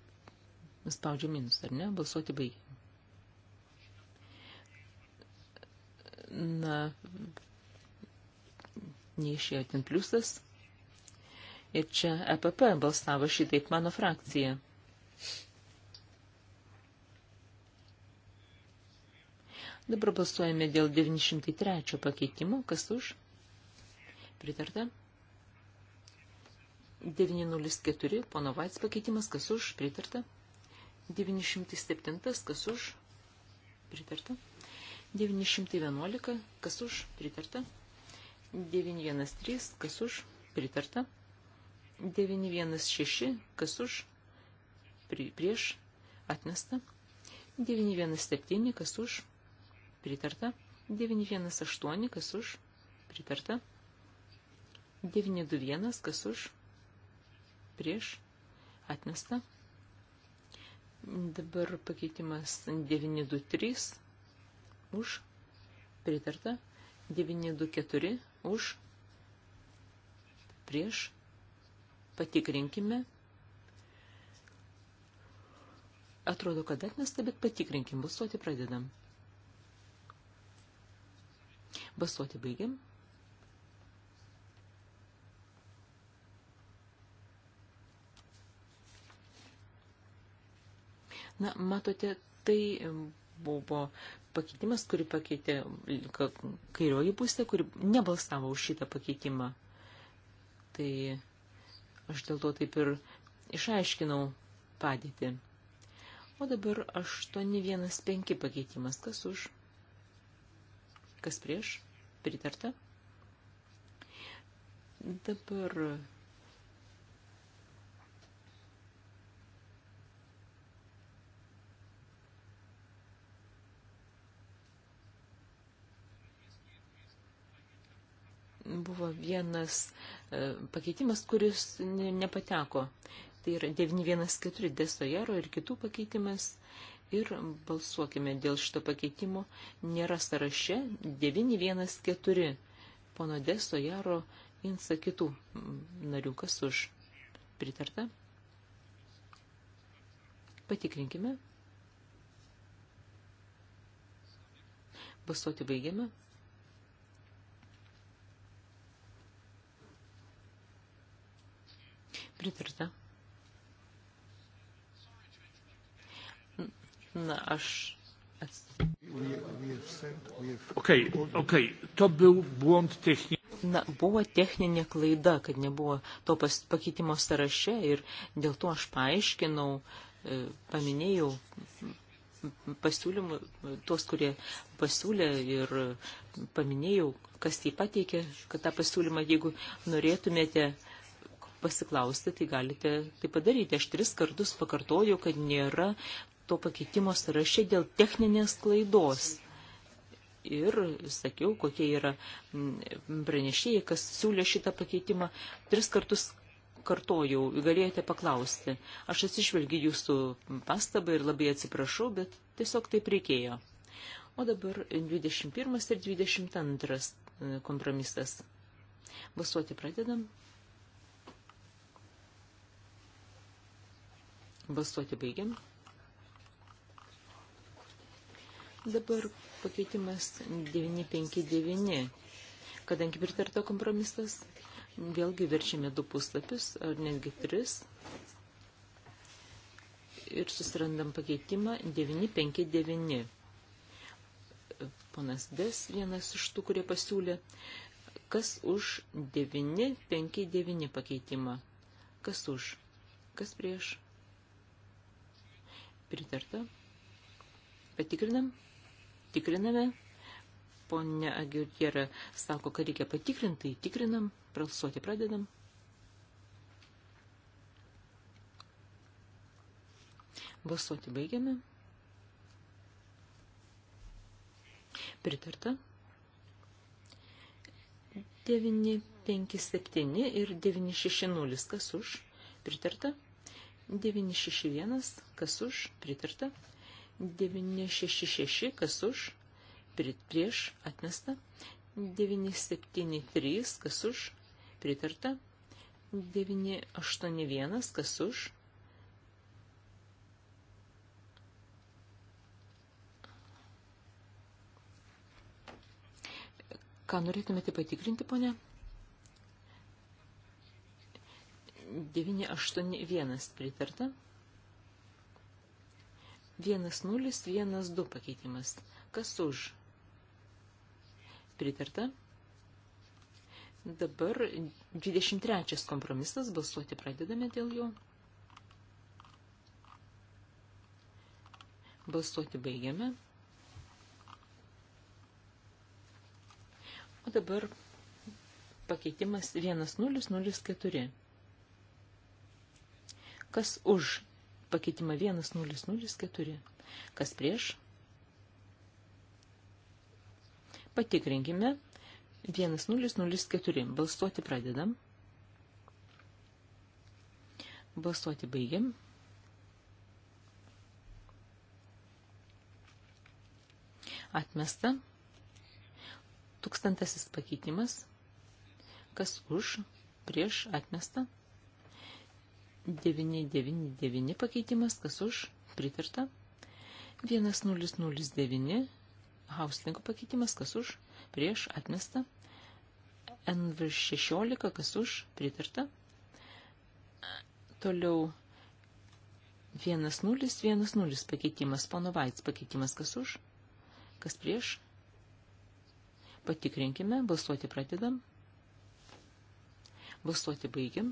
spaudžia minus, ar ne? Balsuoti baigia. na, neišėjo ten pliusas. Ir čia EPP balsavo šitaip mano frakcija. Dabar balsuojame dėl 903 pakeitimo. Kas už? Pritarta. 904, pono Vaits pakeitimas, kas už, pritarta. 907, kas už, pritarta. 911, kas už, pritarta. 913, kas už, pritarta. 916, kas už, pri, prieš, atmesta. 917, kas už, pritarta. 918, kas už, pritarta. 921, kas už, prieš, atmesta. Dabar pakeitimas 923, už, pritarta, 924 už, prieš, patikrinkime. Atrodo, kad atmesta, bet patikrinkim, balsuoti pradedam. Balsuoti baigiam. Na, matote, tai buvo pakeitimas, kurį pakeitė kairioji pusė, kuri nebalsavo už šitą pakeitimą. Tai aš dėl to taip ir išaiškinau padėtį. O dabar 815 pakeitimas. Kas už? Kas prieš? Pritarta? Dabar buvo vienas e, pakeitimas, kuris nepateko. Tai yra 914 desojero ir kitų pakeitimas ir balsuokime dėl šito pakeitimo. Nėra sąraše 914 pono Deso Jaro Insa kitų narių. Kas už? Pritarta? Patikrinkime. Balsuoti baigiame. Pritarta. Na, aż... Okej, okay, okej, okay. to był błąd techniczny. Na, buvo techninė klaida, kad nebuvo to pas, pakeitimo sąraše ir dėl to aš paaiškinau, e, paminėjau pasiūlymų, tuos, kurie pasiūlė ir paminėjau, kas tai pateikė, kad tą pasiūlymą, jeigu norėtumėte pasiklausti, tai galite tai padaryti. Aš tris kartus pakartoju, kad nėra to pakeitimo sąraše dėl techninės klaidos. Ir sakiau, kokie yra mm, pranešėjai, kas siūlė šitą pakeitimą. Tris kartus kartojau, galėjote paklausti. Aš atsižvelgiu jūsų pastabą ir labai atsiprašau, bet tiesiog taip reikėjo. O dabar 21 ir 22 mm, kompromisas. Balsuoti pradedam. Balsuoti baigiam. Dabar pakeitimas 959. Kadangi pritarta kompromisas, vėlgi verčiame du puslapius, ar netgi tris. Ir susirandam pakeitimą 959. Ponas Des, vienas iš tų, kurie pasiūlė, kas už 959 pakeitimą. Kas už? Kas prieš? Pritarta. Patikrinam. Tikriname. Pone Agirjera sako, kad reikia patikrinti, tikrinam, pralsuoti pradedam. Balsuoti baigiame. Pritarta. 957 ir 960. Kas už? Pritarta. 961, kas už, pritarta. 966, kas už, prieš, atmesta. 973, kas už, pritarta. 981, kas už. Ką norėtumėte patikrinti, ponia? 981 pritarta. 1012 pakeitimas. Kas už? Pritarta. Dabar 23 kompromisas, balsuoti pradedame dėl jo. Balsuoti baigiame. O dabar pakeitimas 1004. Kas už pakeitimą 1004? Kas prieš? Patikrinkime 1004. Balsuoti pradedam. Balsuoti baigiam. Atmesta. Tūkstantasis pakeitimas. Kas už? Prieš atmesta. 999 pakeitimas, kas už, pritarta. 1009 Hauslinko pakeitimas, kas už, prieš, atmesta. NV16, kas už, pritarta. Toliau 1010 pakeitimas, pono Vaits pakeitimas, kas už, kas prieš. Patikrinkime, balsuoti pradedam. Balsuoti baigiam.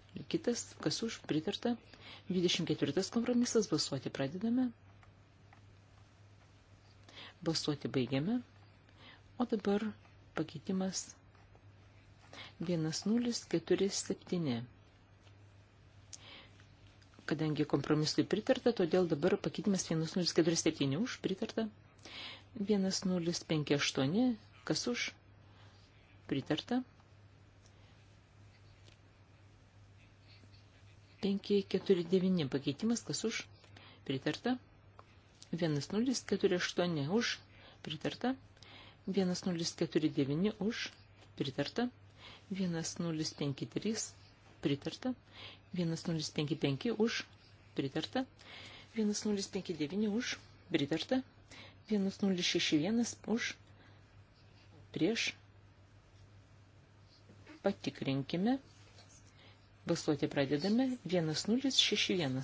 Kitas, kas už, pritarta. 24 kompromisas, balsuoti pradedame. Balsuoti baigiame. O dabar pakeitimas 1047. Kadangi kompromisui pritarta, todėl dabar pakeitimas 1047 už pritarta. 1058 kas už pritarta. 549 pakeitimas, kas už, pritarta. 1048 už, pritarta. 1049 už, pritarta. 1053 pritarta. 1055 už, pritarta. 1059 už, pritarta. 1061 už, prieš. Patikrinkime. Balsuoti pradedame 1061.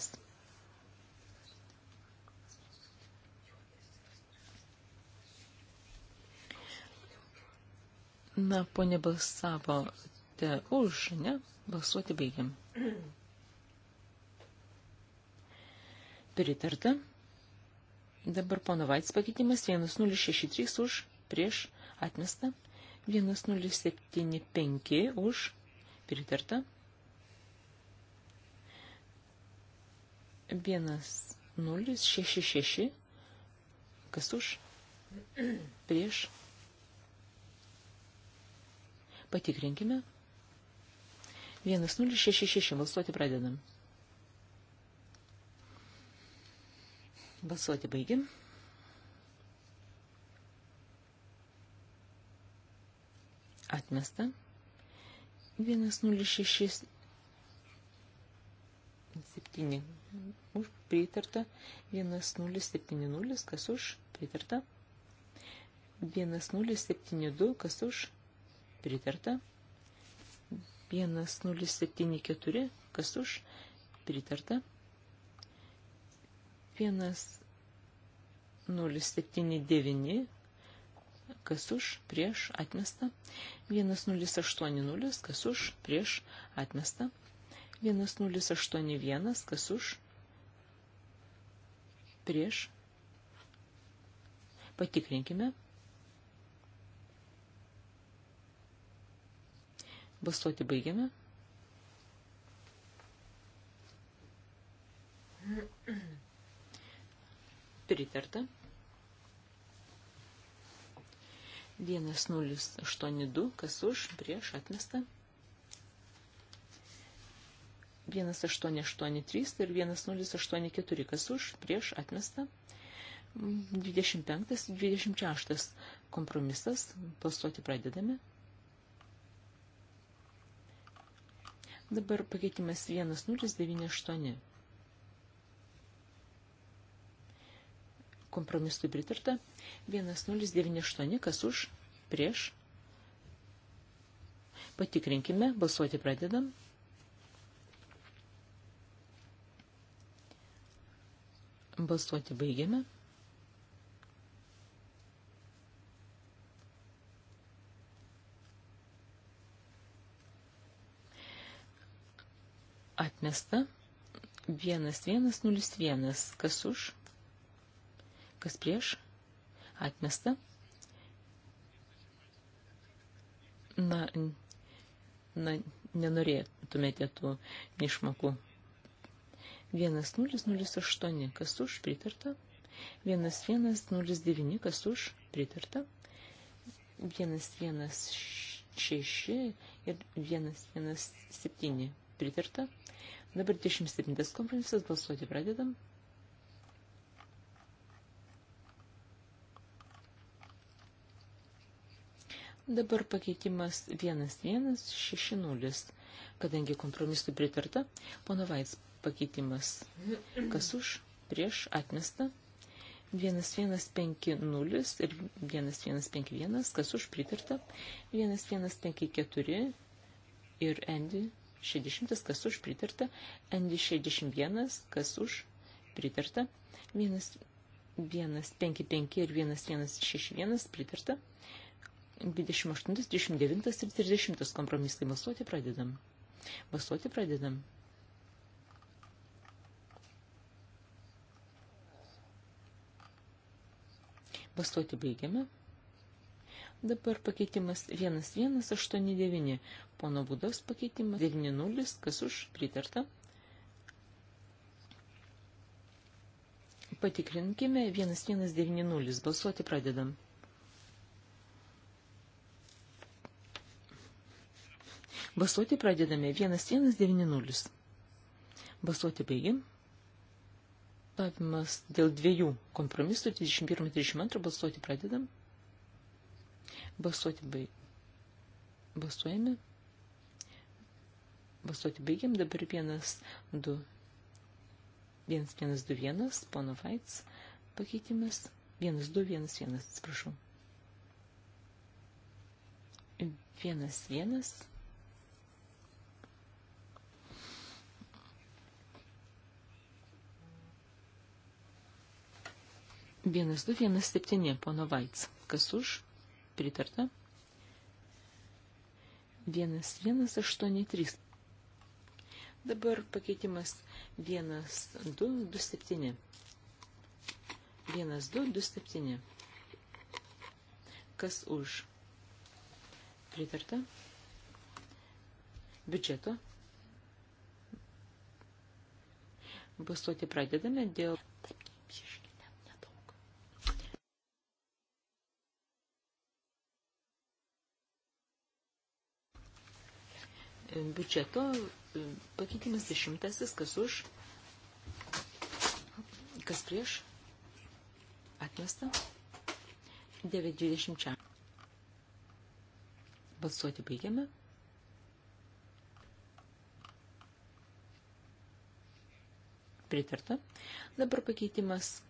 Na, ponė balsavote už, ne? Balsuoti baigiam. Pritarta. Dabar pono Vaitis pakeitimas 1063 už, prieš, atmesta. 1075 už, pritarta. Vienas, nulis, šeši, šeši. Kas už? Prieš. Patikrinkime. Vienas, nulis, šeši, šeši. Valsuoti pradedam. Balsuoti baigim. Atmesta. 106 7 už pritarta, 1070, kas už pritarta, 1072, kas už pritarta, 1074, kas už pritarta, 1079, kas už, prieš, atmesta. 1080, kas už, prieš, atmesta. 1081, kas už, prieš. Patikrinkime. Bastoti baigiame. Pritarta. 1082, kas už, prieš, atmesta. 1083. 1883 ir 1084, kas už, prieš atmesta. 25-26 kompromisas, balsuoti pradedame. Dabar pakeitimas 1098. Kompromisui pritarta. 1098, kas už, prieš. Patikrinkime, balsuoti pradedam. 1098. Balsuoti baigiame. Atmesta. 1101. Kas už? Kas prieš? Atmesta. Na, na nenorėtumėte tų neišmokų 1008, kas už, pritarta. 1109, kas už, pritarta. 116 ir 117, pritarta. Dabar 27 kompromisas, balsuoti pradedam. Dabar pakeitimas 1160, kadangi kompromisui pritarta, pono Vais pakeitimas. Kas už, prieš, atmesta. 1150 ir 1151, kas už pritarta. 1154 ir Andy 60, kas už pritarta. Andy 61, kas už pritarta. 155 ir 1161 pritarta. 28, 29 ir 30 kompromisai balsuoti pradedam. Balsuoti pradedam. Bastoti baigiame. Dabar pakeitimas 1189. Pono būdos pakeitimas 90. Kas už? Pritarta. Patikrinkime 1190. Balsuoti pradedam. Balsuoti pradedame 1190. Balsuoti baigiam. Balsavimas dėl dviejų kompromisų, 31-32, balsuoti pradedam. Balsuoti baig. Balsuojame. Balsuoti baigiam. Dabar 1-2-1-1-2-1, pono Vaits pakeitimas. 1-2-1-1, atsiprašau. 1-1. 1217, pono Vaits. Kas už? Pritarta. 1183. Dabar pakeitimas 1227. 1227. Kas už? Pritarta. Biudžeto. Balsuoti pradedame dėl biudžeto pakeitimas dešimtasis, kas už, kas prieš, atmesta, 9.20 čia. Balsuoti baigiame. Pritarta. Dabar pakeitimas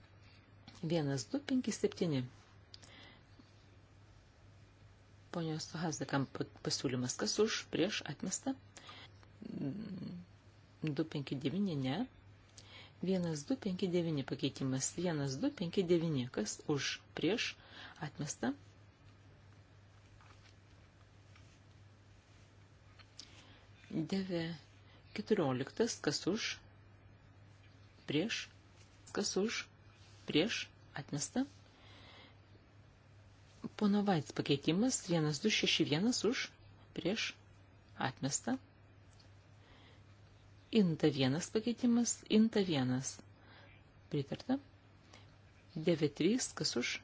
1, 2, 5, 7 ponios Hazdekam pasiūlymas, kas už, prieš, atmesta. 259, ne. 1259 pakeitimas, 1259, kas už, prieš, atmesta. Deve 14, kas už, prieš, kas už, prieš, atmesta. Pono Vaits pakeitimas 1261 už prieš atmestą. Inta vienas pakeitimas, inta vienas. Pritarta. 9-3, kas už?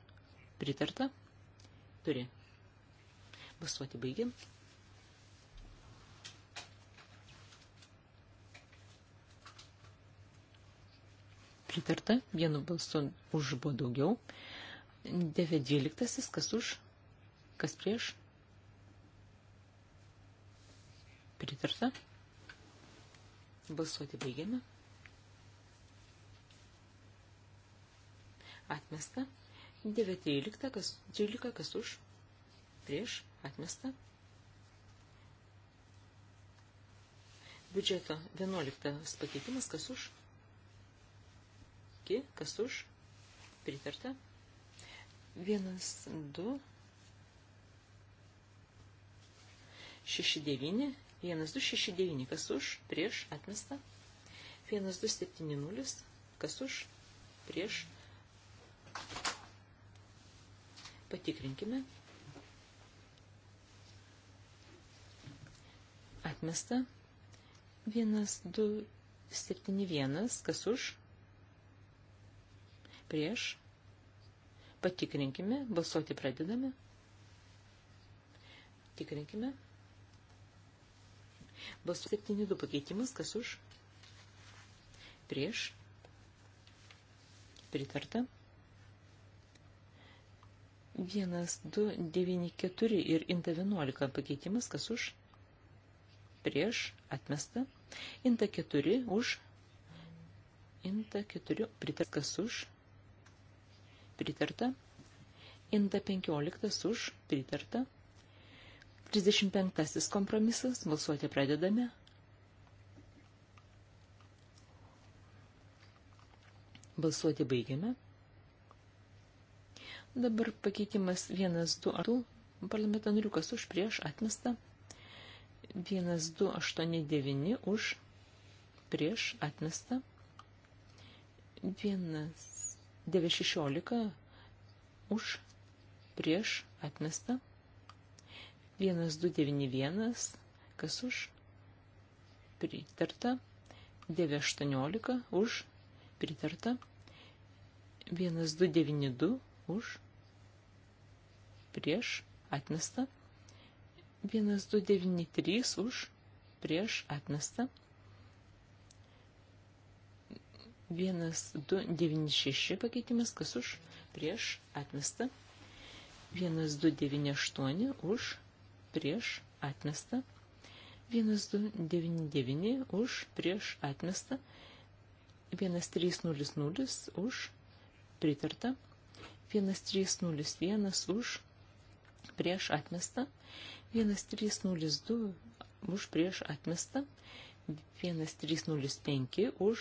Pritarta. Turi. Basuoti baigiam. Pritarta. Vienu balsu už buvo daugiau. 9.12. Kas už? Kas prieš? Pritarta. Balsuoti baigiame. Atmesta. 9.13. Kas, 13. Kas už? Prieš? Atmesta. Biudžeto 11. Pakeitimas. Kas už? Ki? Kas už? Pritarta. Vienas, du. Šeši devyni. Vienas, du, šeši devyni. Kas už? Prieš atmesta. Vienas, du, septyni nulis. Kas už? Prieš. Patikrinkime. Atmesta. Vienas, du, septyni vienas. Kas už? Prieš Patikrinkime, balsuoti pradedame. Tikrinkime. Balsu 7.2 pakeitimas, kas už? Prieš. Pritarta. 1.2.9.4 ir inta 11 pakeitimas, kas už? Prieš. Atmesta. Inta 4 už. Inta 4 pritarta, kas už? pritarta, inta 15 už, pritarta, 35 kompromisas, balsuoti pradedame. Balsuoti baigiame. Dabar pakeitimas 1-2 ar 2 parlamento nariukas už prieš atmestą. 1289 už prieš atmestą. 1 916 už prieš atmestą. 1291 kas už pritarta. 918 už pritarta. 1292 už prieš atmestą. 1293 už prieš atmestą. 1296 pakeitimas, kas už, prieš, atmesta. 1298 už, prieš, atmesta. 1299 už, prieš, atmesta. 1300 už, pritarta. 1301 už, prieš, atmesta. 1302 už, prieš, atmesta. 1305 už,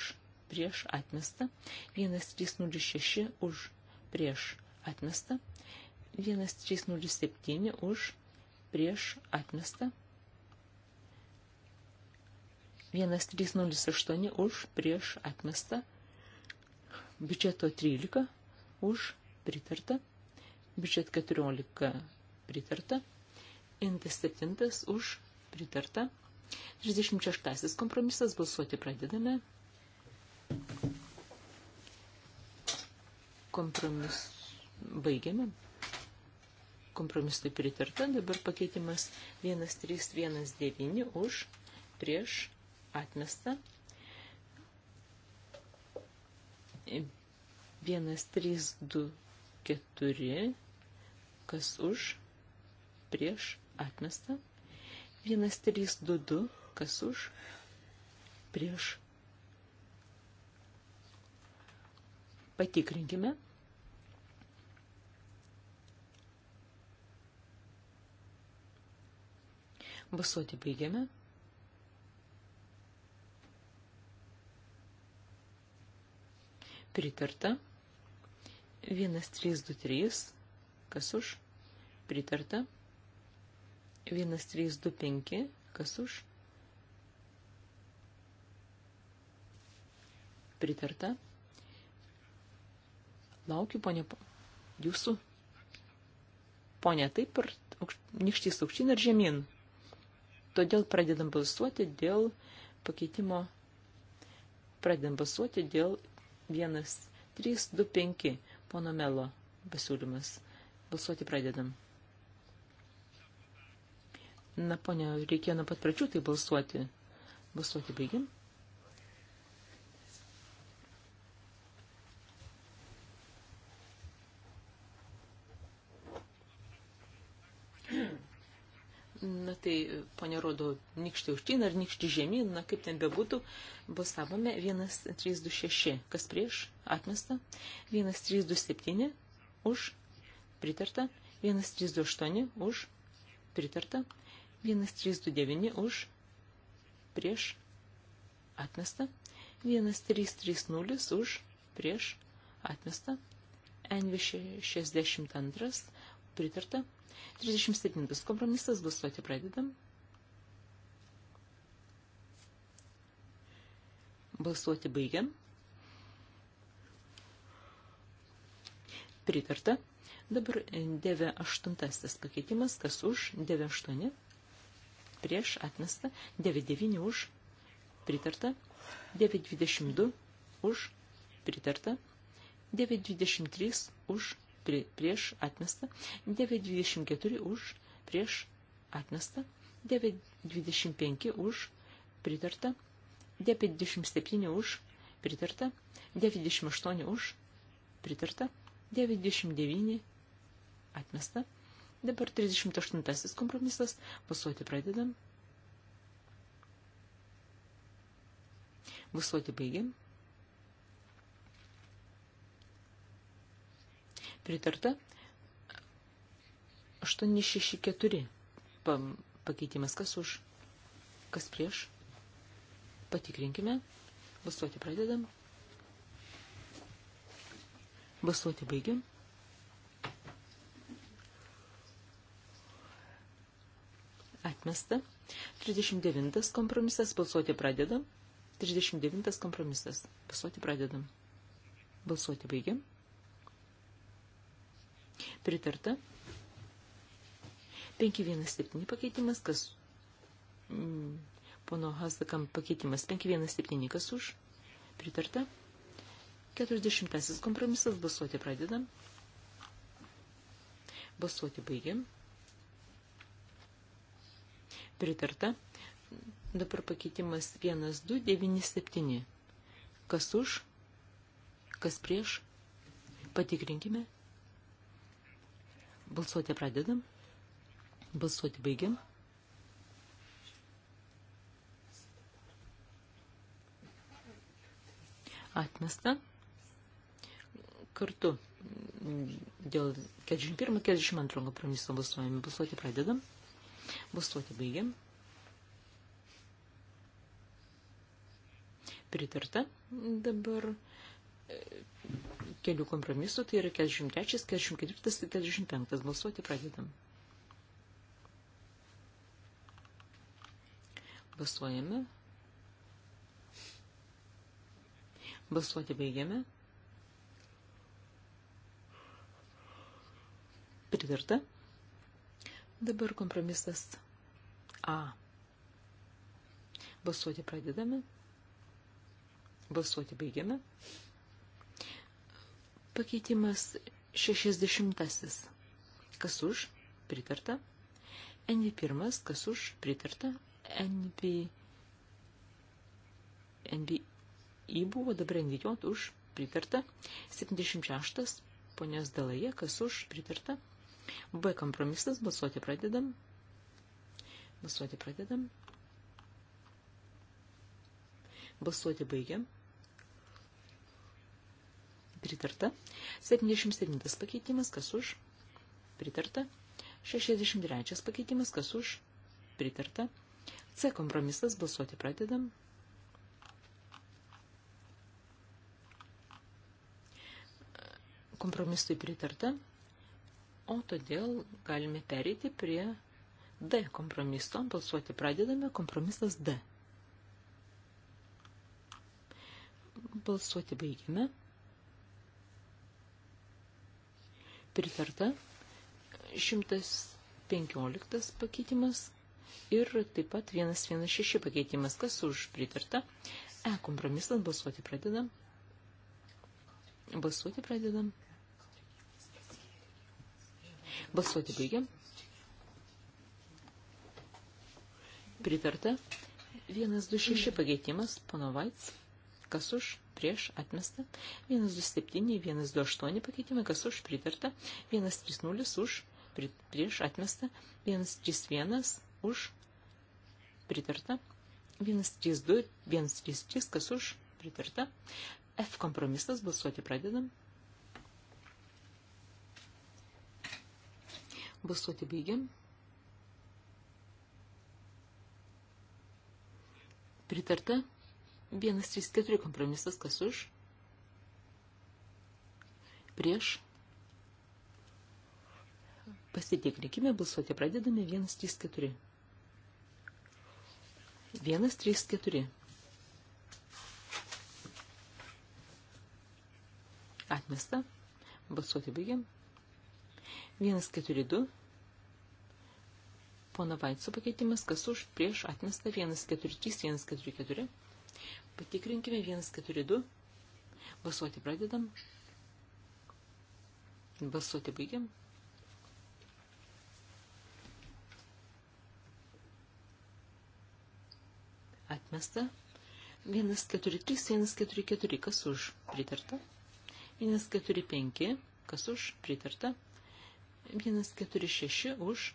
prieš atmestą, 1306 už prieš atmestą, 1307 už prieš atmestą, 1308 už prieš atmestą, biudžeto 13 už pritarta, biudžet 14 pritarta, intas 7 už pritarta, 36 kompromisas balsuoti pradedame. Kompromis baigiame. Kompromisui pritarta. Dabar pakeitimas 1319 už prieš atmestą. 1324 kas už prieš atmestą. 1322 kas už prieš Patikrinkime. Basuoti baigiame. Pritarta. 1323. Kas už? Pritarta. 1325. Kas už? Pritarta. Laukiu, ponė, jūsų. Ponė, taip ir nikštys aukštyn ir žemyn. Todėl pradedam balsuoti dėl pakeitimo. Pradedam balsuoti dėl 1, 3, 2, 5. Pono Melo pasiūlymas. Balsuoti pradedam. Na, ponė, reikėjo nuo pat pradžių tai balsuoti. Balsuoti baigiam. principo nerodo nikšti užtin ar nikšti žemyn, na kaip ten bebūtų, balsavome 1326, kas prieš, atmesta, 1327 už, pritarta, 1328 už, pritarta, 1329 už, prieš, atmesta, 1330 už, prieš, atmesta, NV62 pritarta, 37 kompromisas, balsuoti pradedam. Balsuoti baigiam. Pritarta. Dabar 98 pakeitimas, kas už, 98, prieš atmesta, 99 už, pritarta, 922 už, pritarta, 923 už, pri, prieš atmesta, 924 už, prieš atmesta, 925 už, pritarta, D57 už, pritarta, D28 už, pritarta, D29 atmesta. Dabar 38 kompromisas, pasuoti pradedam. Visuoti baigiam. Pritarta 864 pakeitimas kas už, kas prieš Patikrinkime. Balsuoti pradedam. Balsuoti baigiam. Atmesta. 39 kompromisas. Balsuoti pradedam. 39 kompromisas. Balsuoti pradedam. Balsuoti baigiam. Pritarta. 517 pakeitimas. Kas... Mm pono Hasakam pakeitimas 517 kas už, pritarta. 40 kompromisas, balsuoti pradedam. Balsuoti baigiam. Pritarta. Dabar pakeitimas 1297. Kas už, kas prieš, patikrinkime. Balsuoti pradedam. Balsuoti baigiam. atmesta. Kartu mm, dėl 41-42 kompromiso balsuojame. Balsuoti pradedam. Balsuoti baigiam. Pritarta dabar e, kelių kompromisų, tai yra 43, 44 ir 45. Balsuoti pradedam. Balsuojame. Balsuoti baigiame. Pritarta. Dabar kompromisas A. Balsuoti pradedame. Balsuoti baigiame. Pakeitimas 60. Kas už? Pritarta. NV1. Kas už? Pritarta. NV... NV į buvo dabar indijot už pritarta. 76. Ponios dalaje, kas už pritarta. B kompromisas, balsuoti pradedam. Balsuoti pradedam. Balsuoti baigiam. Pritarta. 77 pakeitimas, kas už? Pritarta. 63 pakeitimas, kas už? Pritarta. C kompromisas, balsuoti pradedam. kompromisui pritarta, o todėl galime pereiti prie D kompromiso. Balsuoti pradedame kompromisas D. Balsuoti baigime. Pritarta 115 pakeitimas ir taip pat 116 pakeitimas, kas už pritarta. E kompromisas balsuoti pradedam. Balsuoti pradedam. Balsuoti baigiam. Pritarta. 126 mhm. pakeitimas, pono Vaits. Kas už, prieš, atmesta. 127, 128 pakeitimai, kas už, pritarta. 130 už, prieš, atmesta. 131 už, pritarta. 132, 133, kas už, pritarta. F kompromisas, balsuoti pradedam. Balsuoti baigiam. Pritarta. 134 kompromisas kas už. Prieš. Pasitikrinkime, balsuoti pradedame 134. 134. Atmesta. Balsuoti baigiam. 142. Pono Vaitso pakeitimas, kas už, prieš, atmesta, 143, 144. Patikrinkime 142. Basuoti pradedam. Basuoti baigiam. Atmesta. 143, 144, kas už, pritarta. 145, kas už, pritarta. 146 už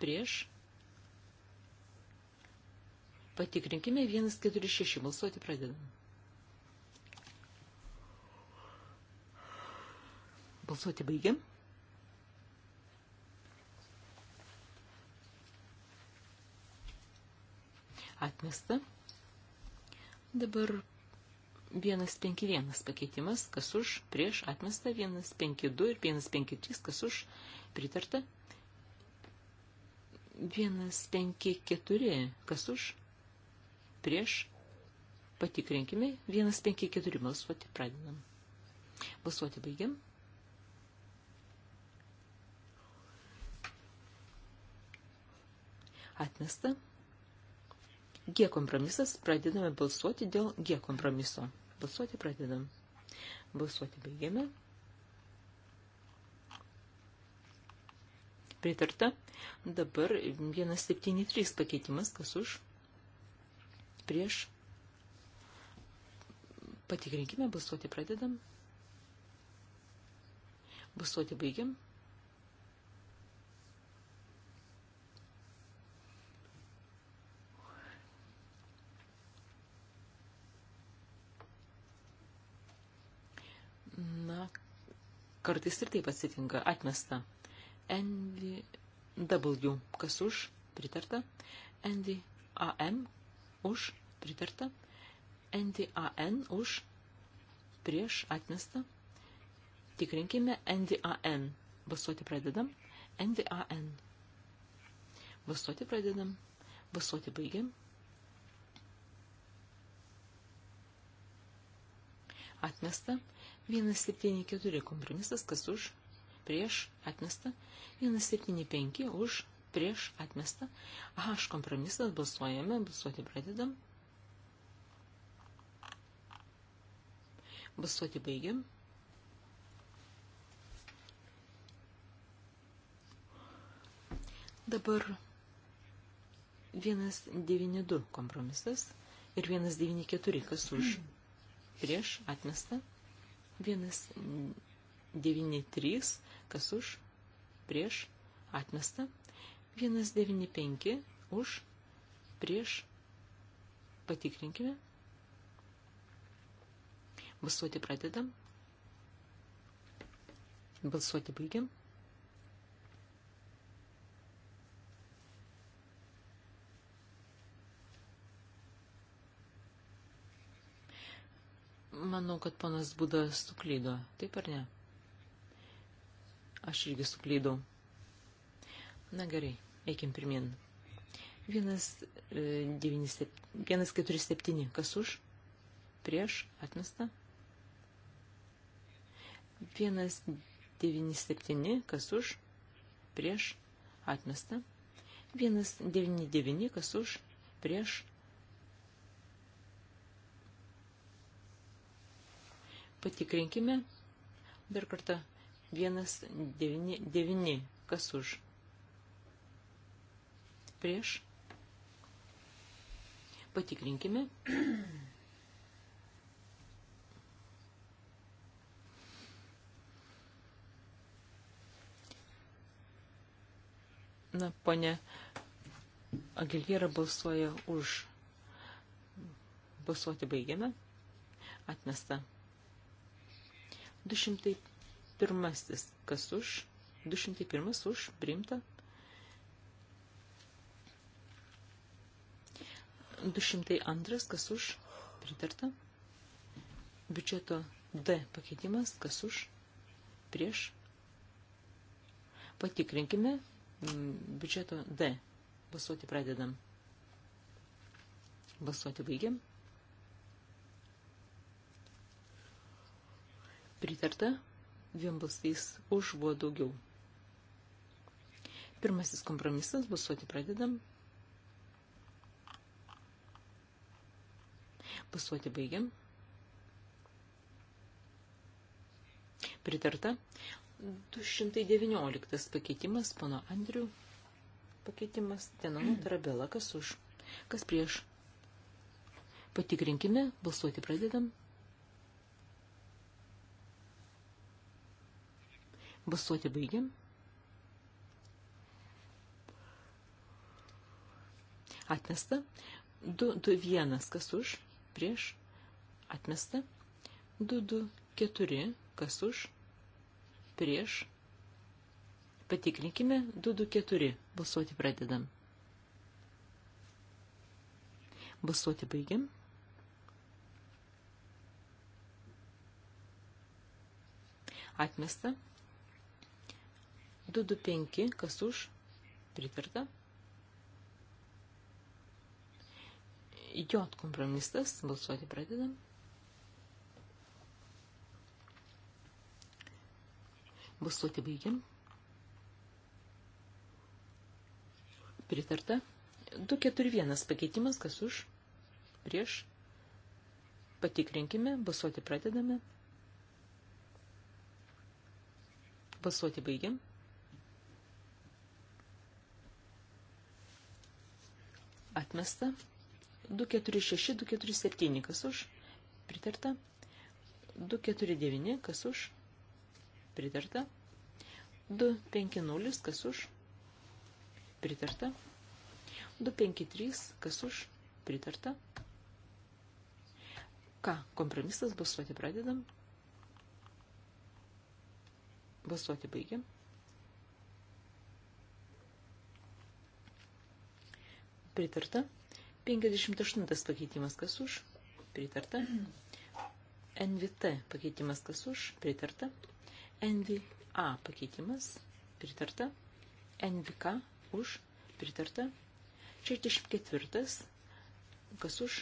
prieš. Patikrinkime 146. Balsuoti pradedam. Balsuoti baigiam. Atmesta. Dabar 151 pakeitimas, kas už, prieš, atmesta, 152 ir 153, kas už, pritarta, 154, kas už, prieš, patikrinkime, 154 balsuoti pradedam. Balsuoti baigiam. Atmesta. G kompromisas, pradedame balsuoti dėl G kompromiso. Balsuoti pradedam. Balsuoti baigiame. Pritarta. Dabar 173 pakeitimas. Kas už? Prieš. Patikrinkime. Balsuoti pradedam. Balsuoti baigiam. Kartais ir taip atsitinka. Atmesta. NW. Kas už? Pritarta. NDAM. Už? Pritarta. NDAN. Už? Prieš? Atmesta. Tikrinkime NDAN. Balsuoti pradedam. NDAN. Balsuoti pradedam. Balsuoti baigiam. Atmesta. 174 kompromisas, kas už, prieš, atmesta. 175 už, prieš, atmesta. H kompromisas, balsuojame, balsuoti pradedam. Balsuoti baigiam. Dabar 192 kompromisas ir 194, kas už, prieš, atmesta. 193, mm, kas už, prieš, atmesta. 195, už, prieš, patikrinkime. Balsuoti pradedam. Balsuoti baigiam. Manau, kad panas Budas suklydo. Taip ar ne? Aš irgi suklydau. Na gerai, eikim pirmin. 147. E, Kas už? Prieš? Atmesta? 197. Kas už? Prieš? Atmesta? 199. Kas už? Prieš? patikrinkime dar kartą 199, kas už. Prieš. Patikrinkime. Na, ponė Agilviera balsuoja už. Balsuoti baigiame. Atmesta. 201. Kas už? 201 už. Priimta. 202. Kas už? Pritarta. Biudžeto D pakeitimas. Kas už? Prieš. Patikrinkime. Biudžeto D. Balsuoti pradedam. Balsuoti baigiam. Pritarta, dviem balsais už buvo daugiau. Pirmasis kompromisas, balsuoti pradedam. Balsuoti baigiam. Pritarta. 219 pakeitimas, pano Andrių pakeitimas, Tenanų Tarabela, kas už, kas prieš. Patikrinkime, balsuoti pradedam. Balsuoti baigiam. Atmesta. 2, 2, 1, kas už, prieš, atmesta. 2, 2, 4, kas už, prieš. Patikrinkime 2, 2, 4. Balsuoti pradedam. Balsuoti baigiam. Atmesta. 225, kas už, pritarta. J kompromisas, balsuoti pradedam. Balsuoti baigiam. Pritarta. 241 pakeitimas, kas už, prieš. Patikrinkime, balsuoti pradedame. Balsuoti baigiam. Atmesta. 246, 247, kas už? Pritarta. 249, kas už? Pritarta. 250, kas už? Pritarta. 253, kas už? Pritarta. Ką, kompromisas balsuoti pradedam. Balsuoti baigiam. Pritarta. 58 pakeitimas kas už. Pritarta. NVT pakeitimas kas už. Pritarta. NVA pakeitimas. Pritarta. NVK už. Pritarta. 64 kas už.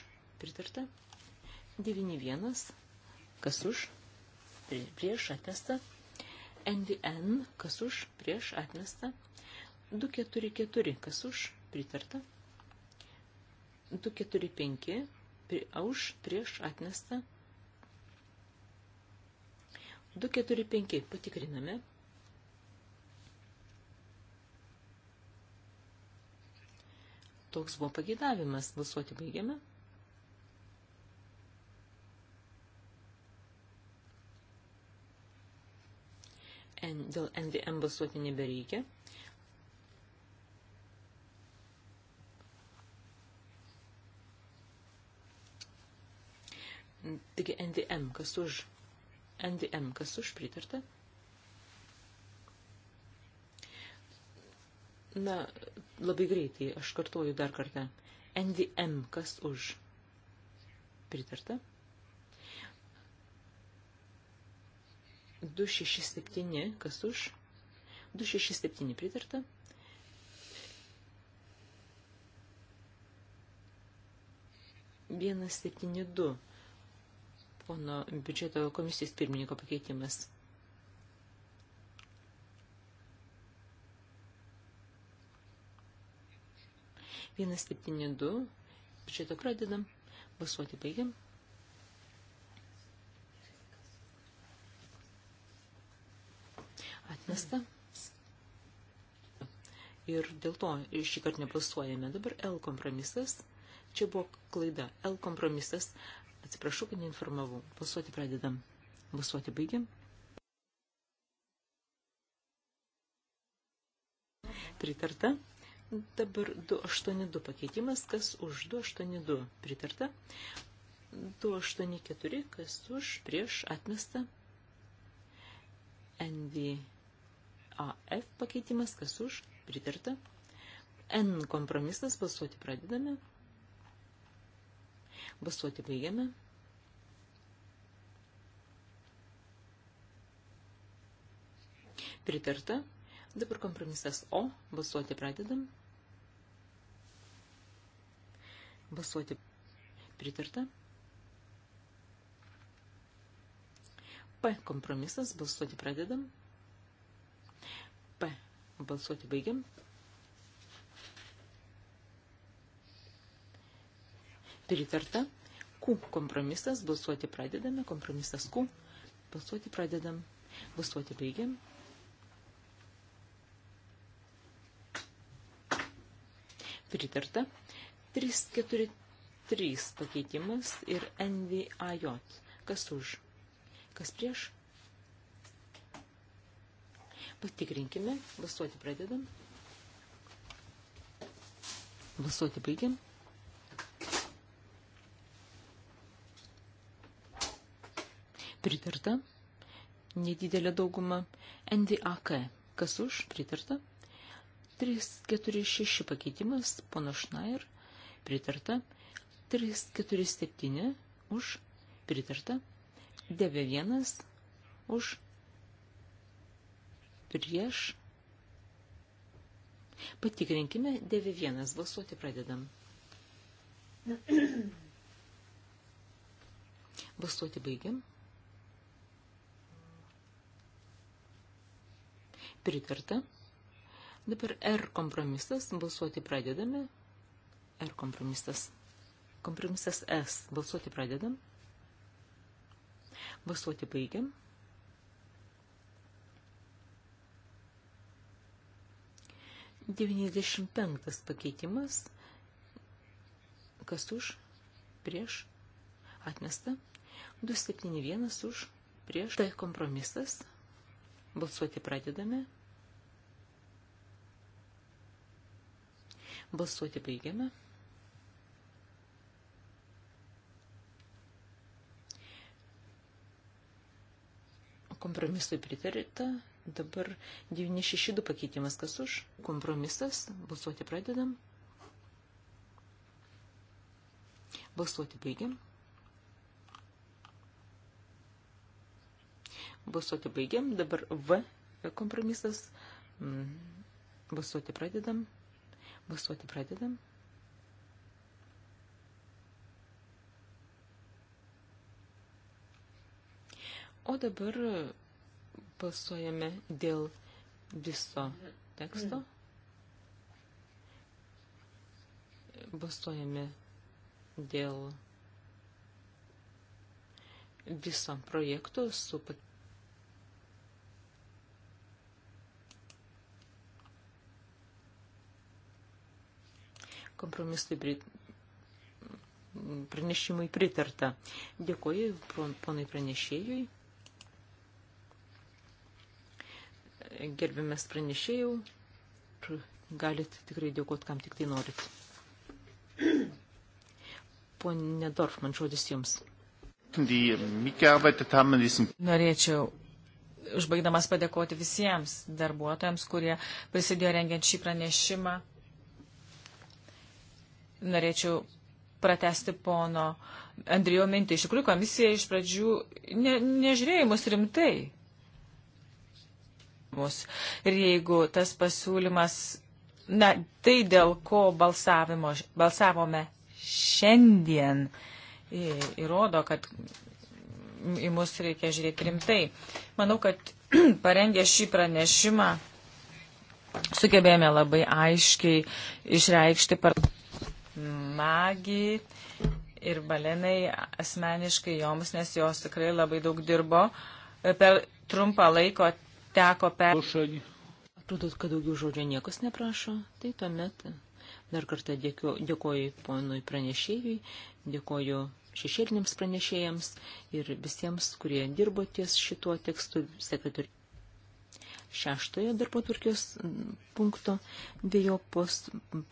Pritarta. 91 kas už. Prieš atmestą. NVN kas už. Prieš atmestą. 244 kas už. Pritarta. 245 už prieš atmestą. 245 patikriname. Toks buvo pageidavimas. Balsuoti baigiame. N, dėl NVM balsuoti nebereikia. Taigi NDM, kas už? NDM, kas už pritarta? Na, labai greitai, aš kartuoju dar kartą. NDM, kas už? Pritarta? 267, kas už? 267 pritarta. Vienas septyni du pono biudžeto komisijos pirmininko pakeitimas. Vienas septyni du. Biudžeto pradedam. Balsuoti baigiam. atmesta. Ir dėl to šį kartą nepasuojame. Dabar L kompromisas. Čia buvo klaida. L kompromisas Atsiprašau, kad neinformavau. Balsuoti pradedam. Balsuoti baigiam. Pritarta. Dabar 282 pakeitimas, kas už 282 pritarta. 284, kas už prieš atmestą. NVAF pakeitimas, kas už pritarta. N kompromisas, balsuoti pradedame. Balsuoti baigiame. pritarta. Dabar kompromisas O, balsuoti pradedam. Balsuoti pritarta. P kompromisas, balsuoti pradedam. P balsuoti baigiam. Pritarta. Q kompromisas, balsuoti pradedame, kompromisas Q, balsuoti pradedam, balsuoti baigiam. pritarta. 343 pakeitimas ir NVAJ. Kas už? Kas prieš? Patikrinkime. Balsuoti pradedam. Balsuoti baigiam. Pritarta. Nedidelė dauguma. NVAK. Kas už? Pritarta. 346 pakeitimas, pono Šnair, pritarta. 347 už, pritarta. 91 už, prieš. Patikrinkime 91, balsuoti pradedam. Balsuoti baigiam. Pritarta. Dabar R kompromisas, balsuoti pradedame. R kompromisas. Kompromisas S, balsuoti pradedam. Balsuoti baigiam. Devyniasdešimt penktas pakeitimas. Kas už? Prieš. Atmesta. 271 už. Prieš. Tai kompromisas. Balsuoti pradedame. Balsuoti baigiame. Kompromisui pritarita. Dabar 962 pakeitimas kas už. Kompromisas. Balsuoti pradedam. Balsuoti baigiam. Balsuoti baigiam. Dabar V kompromisas. Mm. Balsuoti pradedam. Balsuoti pradedam. O dabar balsuojame dėl viso teksto. Balsuojame dėl viso projekto su pat kompromisui prit... pranešimui pritarta. Dėkuoju ponui pranešėjui. Gerbiamės pranešėjau. Galit tikrai dėkoti, kam tik tai norit. Pone Dorfman, žodis jums. Norėčiau užbaigdamas padėkoti visiems darbuotojams, kurie prisidėjo rengiant šį pranešimą norėčiau pratesti pono Andrijo mintį. Iš tikrųjų, komisija iš pradžių ne, nežiūrėjimus rimtai. Ir jeigu tas pasiūlymas, na, tai dėl ko balsavome šiandien, įrodo, kad į mus reikia žiūrėti rimtai. Manau, kad parengę šį pranešimą sugebėjome labai aiškiai išreikšti par Magi ir Balenai asmeniškai joms, nes jos tikrai labai daug dirbo. Per trumpą laiko teko per. Atrodo, kad daugiau žodžio niekas neprašo, tai tuomet dar kartą dėkiu, dėkoju ponui pranešėjui, dėkoju šešėliniams pranešėjams ir visiems, kurie dirbo ties šituo tekstu sekretoriu šeštojo darbo turkijos mm, punkto dėjopos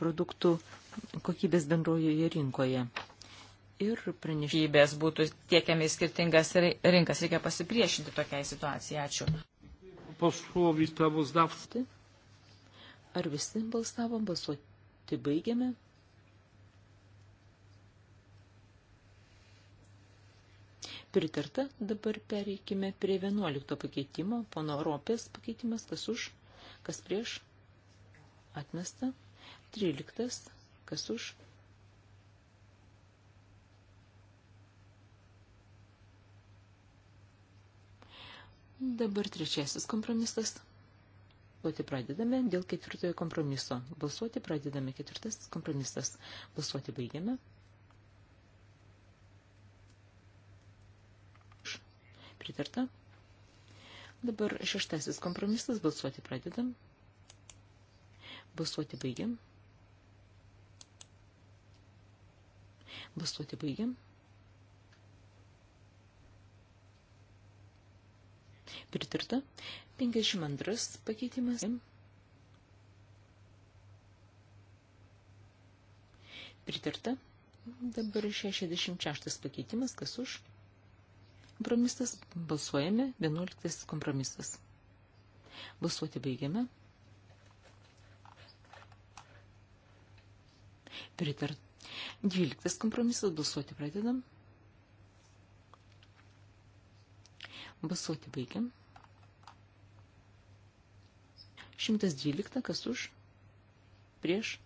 produktų kokybės bendrojoje rinkoje. Ir pranešybės būtų tiekiami skirtingas rinkas. Reikia pasipriešinti tokiai situacijai. Ačiū. Ar visi balsavom, balsuoti baigiame? pritarta. Dabar pereikime prie 11 pakeitimo. Pono Ropės pakeitimas, kas už, kas prieš, atmesta. 13, kas už. Dabar trečiasis kompromisas. Balsuoti pradedame dėl ketvirtojo kompromiso. Balsuoti pradedame ketvirtas kompromisas. Balsuoti baigiame. pritarta. Dabar šeštasis kompromisas. Balsuoti pradedam. Balsuoti baigiam. Balsuoti baigiam. Pritarta. 52 pakeitimas. Pritarta. Dabar 66 pakeitimas. Kas už? kompromisas. Balsuojame. 11 kompromisas. Balsuoti baigiame. Pritart. 12 kompromisas. Balsuoti pradedam. Balsuoti baigiam. 112 kas už? Prieš?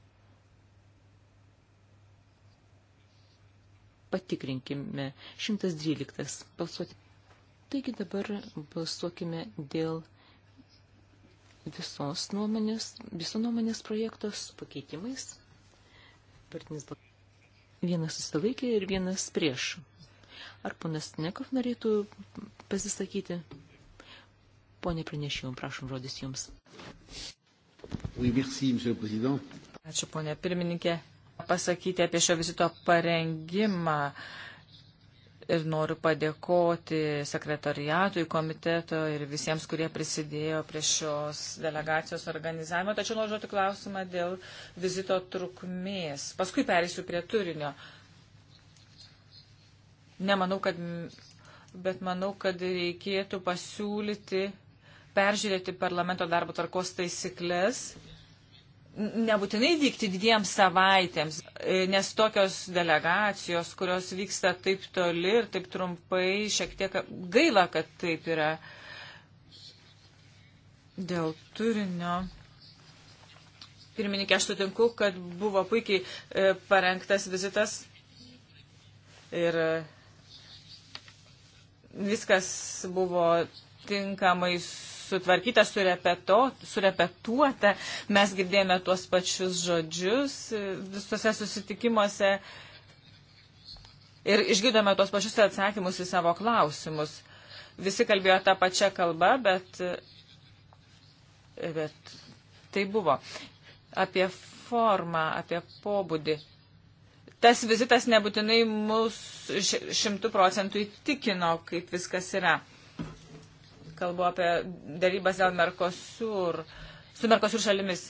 patikrinkime. 112. Balsuoti. Taigi dabar balsuokime dėl visos nuomonės, viso nuomonės projektos pakeitimais. Partinis balsuotis. Vienas susilaikė ir vienas prieš. Ar ponas Nekov norėtų pasisakyti? Pone pranešėjom, prašom žodis jums. Oui, merci, Ačiū, ponė pirmininkė pasakyti apie šio vizito parengimą. Ir noriu padėkoti sekretariatui, komiteto ir visiems, kurie prisidėjo prie šios delegacijos organizavimo. Tačiau noriu žodžiu klausimą dėl vizito trukmės. Paskui perėsiu prie turinio. Nemanau, kad. Bet manau, kad reikėtų pasiūlyti peržiūrėti parlamento darbo tvarkos taisyklės nebūtinai vykti dviem savaitėms, e, nes tokios delegacijos, kurios vyksta taip toli ir taip trumpai, šiek tiek gaila, kad taip yra dėl turinio. Pirmininkė, aš sutinku, kad buvo puikiai e, parengtas vizitas ir e, viskas buvo tinkamai su sutvarkyta, surepeto, surepetuota, mes girdėjome tuos pačius žodžius e, visose susitikimuose ir išgirdome tuos pačius atsakymus į savo klausimus. Visi kalbėjo tą pačią kalbą, bet, e, bet tai buvo. Apie formą, apie pobūdį tas vizitas nebūtinai mus šimtų procentų įtikino, kaip viskas yra. Kalbu apie darybas dėl Merkosur, su Merkosur šalimis.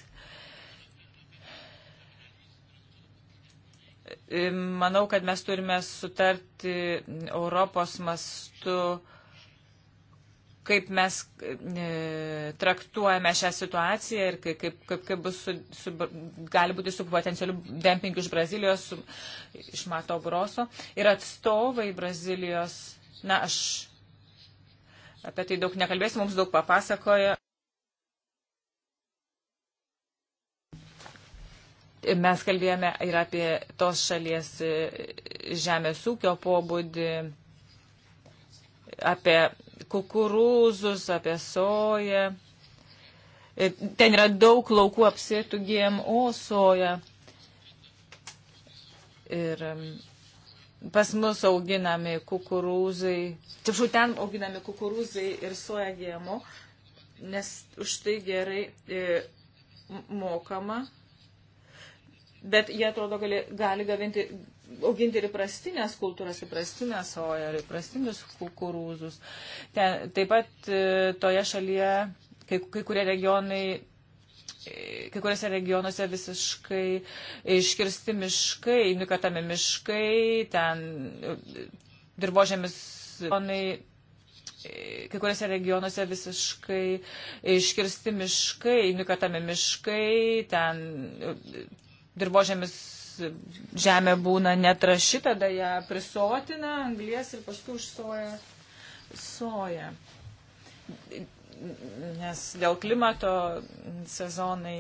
E, manau, kad mes turime sutarti Europos mastu, kaip mes e, traktuojame šią situaciją ir kaip, kaip, kaip, kaip bus su, su, gali būti su potencialiu dempingu iš Brazilijos, su, iš Mato Broso. Ir atstovai Brazilijos, na, aš Apie tai daug nekalbėsiu, mums daug papasakojo. Mes kalbėjome ir apie tos šalies e, žemės ūkio pobūdį, apie kukurūzus, apie soją. E, ten yra daug laukų apsėtų GMO soja. Ir pas mus auginami kukurūzai, tiešau ten auginami kukurūzai ir soja gėmo, nes už tai gerai e, mokama. Bet jie atrodo gali, gali gavinti, auginti ir prastinės kultūras, ir prastinę soją, ir prastinius kukurūzus. Ten, taip pat e, toje šalyje kai, kai kurie regionai kai kuriuose regionuose visiškai iškirsti miškai, nukatami miškai, ten dirbožėmis zonai. Kai kuriuose regionuose visiškai iškirsti miškai, nukatami miškai, ten dirbožėmis žemė būna netraši, tada ją prisotina anglies ir paskui užsoja soja. soja nes dėl klimato sezonai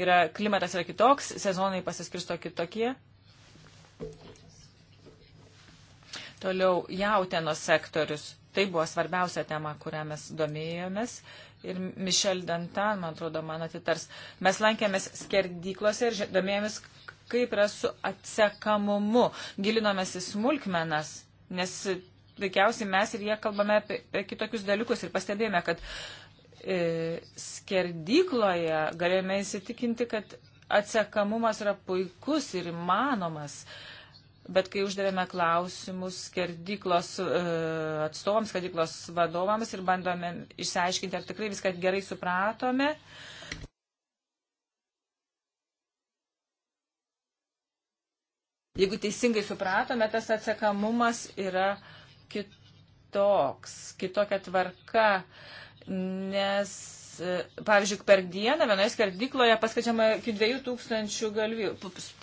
yra, klimatas yra kitoks, sezonai pasiskirsto kitokie. Toliau jautienos sektorius. Tai buvo svarbiausia tema, kurią mes domėjomės. Ir Mišel Dantan, man atrodo, man atitars. Mes lankėmės skerdyklose ir domėjomės, kaip yra su atsekamumu. Gilinomės į smulkmenas, nes veikiausiai mes ir jie kalbame apie kitokius dalykus ir pastebėjome, kad e, skerdykloje galėjome įsitikinti, kad atsekamumas yra puikus ir įmanomas. Bet kai uždavėme klausimus skerdyklos e, atstovams, skerdyklos vadovams ir bandome išsiaiškinti, ar tikrai viską gerai supratome, jeigu teisingai supratome, tas atsekamumas yra kitoks, kitokia tvarka, nes, e, pavyzdžiui, per dieną vienoje skerdykloje paskačiama iki 2000 galvijų,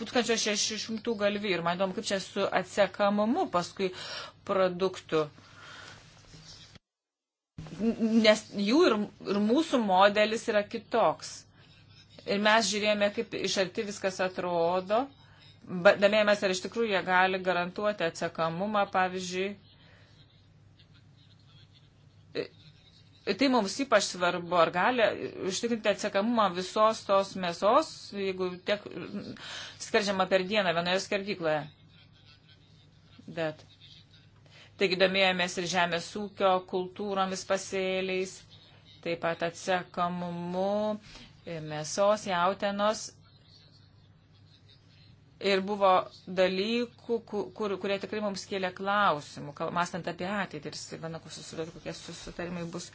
1600 galvijų ir man įdomu, kaip čia su atsekamumu paskui produktų. Nes jų ir, ir mūsų modelis yra kitoks. Ir mes žiūrėjome, kaip iš arti viskas atrodo, domėjomės, ar iš tikrųjų jie gali garantuoti atsekamumą, pavyzdžiui, Tai mums ypač svarbu, ar gali užtikrinti atsekamumą visos tos mėsos, jeigu tiek skerdžiama per dieną vienoje skerdykloje. Bet. Taigi domėjomės ir žemės ūkio kultūromis pasėliais, taip pat atsekamumu mėsos, jautenos Ir buvo dalykų, kur, kurie tikrai mums kėlė klausimų, mąstant apie ateitį ir Silvana, kokie susitarimai bus.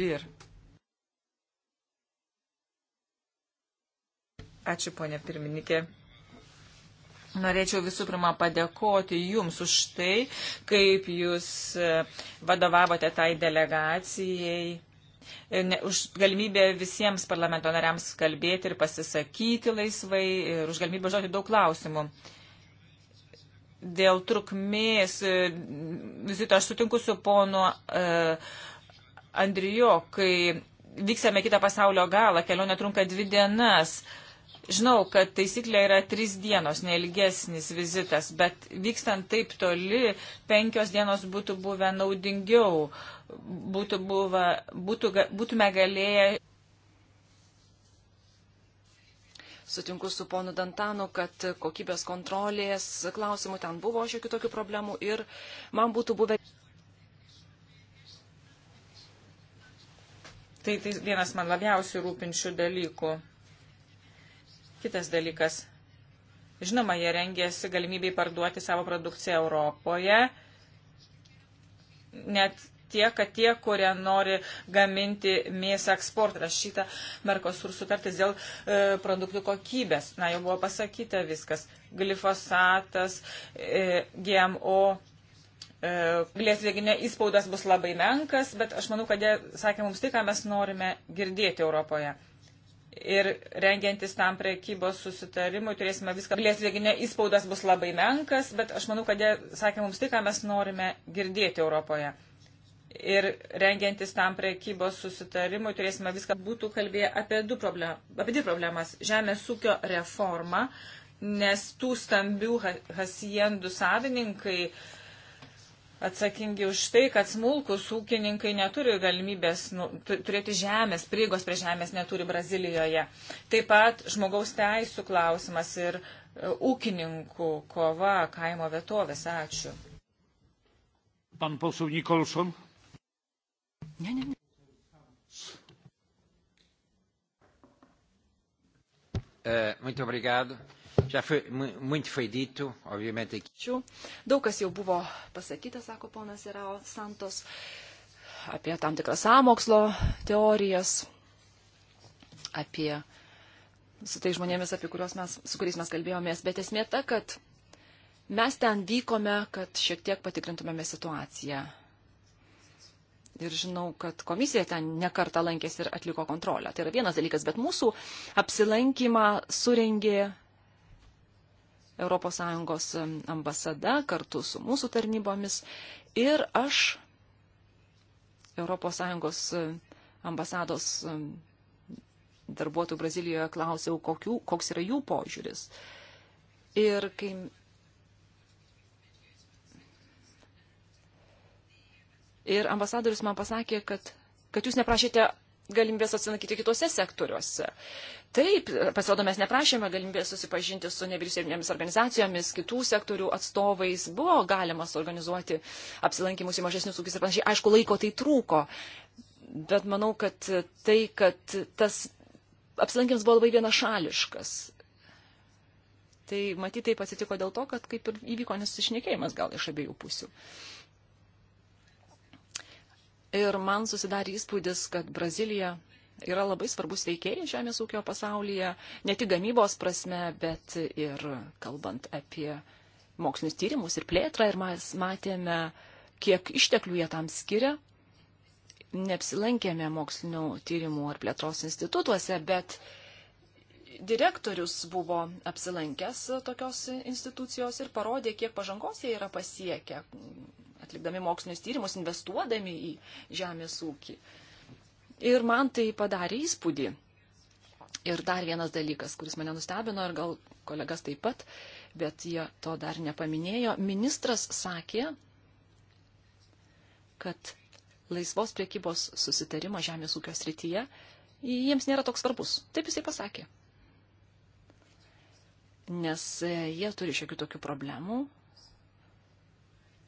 Bir. Ačiū, ponė pirmininkė. Norėčiau visų pirma padėkoti Jums už tai, kaip Jūs e, vadovavote tai delegacijai E, ne, už galimybę visiems parlamento nariams kalbėti ir pasisakyti laisvai ir už galimybę žodžiu daug klausimų. Dėl trukmės e, vizito aš sutinku su ponu uh, e, Andrijo, kai vyksame kitą pasaulio galą, kelionė trunka dvi dienas. Uh, Žinau, kad taisyklė yra trys dienos, neilgesnis vizitas, bet vykstant taip toli, penkios dienos būtų buvę naudingiau, būtų buvę, būtų, būtume galėję. Sutinku su ponu Dantanu, kad kokybės kontrolės klausimų ten buvo šiokių tokių problemų ir man būtų buvę. Tai, tai vienas man labiausiai rūpinčių dalykų. Kitas dalykas. Žinoma, jie rengėsi galimybėj parduoti savo produkciją Europoje. Net tie, kad tie, kurie nori gaminti mėsą eksportą, rašyta Merkosur sutartis dėl e, produktų kokybės. Na, jau buvo pasakyta viskas. Glifosatas, e, GMO. Glės e, dėginio įspaudas bus labai menkas, bet aš manau, kad jie sakė mums tai, ką mes norime girdėti Europoje ir rengiantis tam priekybos susitarimui turėsime viską. Pilies lėginė įspaudas bus labai menkas, bet aš manau, kad jie sakė mums tai, ką mes norime girdėti Europoje. Ir rengiantis tam priekybos susitarimui turėsime viską. Būtų kalbėję apie, du problem, apie dvi problemas. Žemės ūkio reforma, nes tų stambių hasiendų savininkai uh, atsakingi už tai, kad smulkus ūkininkai neturi galimybės nu, turėti žemės, prieigos prie žemės neturi Brazilijoje. Taip pat žmogaus teisų klausimas ir e, ūkininkų kova kaimo vietovės. Ačiū. Pan posau Nikolson. Ne, ne, ne. Uh, eh, muito obrigado. Ačiū. Daug kas jau buvo pasakyta, sako ponas Irao Santos, apie tam tikras samokslo teorijas, apie su tai žmonėmis, apie kuriuos mes, su kuriais mes kalbėjomės, bet esmė ta, kad mes ten vykome, kad šiek tiek patikrintumėme situaciją. Ir žinau, kad komisija ten nekarta lankėsi ir atliko kontrolę. Tai yra vienas dalykas, bet mūsų apsilankymą surengė ES ambasada kartu su mūsų tarnybomis. Ir aš ES ambasados darbuotojų Brazilijoje klausiau, kokių, koks yra jų požiūris. Ir kai Ir ambasadorius man pasakė, kad, kad jūs neprašėte galimybės atsilankyti kitose sektoriuose. Taip, pasirodo, mes neprašėme galimybės susipažinti su nevyriausybinėmis organizacijomis, kitų sektorių atstovais, buvo galima suorganizuoti apsilankimus į mažesnius ūkius ir panašiai. Aišku, laiko tai trūko, bet manau, kad tai, kad tas apsilankimas buvo labai vienašališkas. Tai matyti taip atsitiko dėl to, kad kaip ir įvyko nesusišnekėjimas gal iš abiejų pusių. Uh, Ir man susidarė įspūdis, kad Brazilija yra labai svarbus veikėjai žemės ūkio pasaulyje, ne tik gamybos prasme, bet ir kalbant apie mokslinius tyrimus ir plėtrą. Ir mes matėme, kiek išteklių jie tam skiria. Neapsilankėme mokslinio tyrimų ar plėtros institutuose, bet uh, direktorius buvo apsilankęs tokios institucijos ir parodė, kiek pažangos jie yra pasiekę, atlikdami mokslinius tyrimus, investuodami į žemės ūkį. Ir man tai padarė įspūdį. Ir dar vienas dalykas, kuris mane nustebino ir gal kolegas taip pat, bet jie to dar nepaminėjo. Ministras sakė, kad laisvos priekybos susitarimas žemės ūkio srityje jiems nėra toks svarbus. Taip jisai pasakė nes e, jie turi šiokių tokių problemų,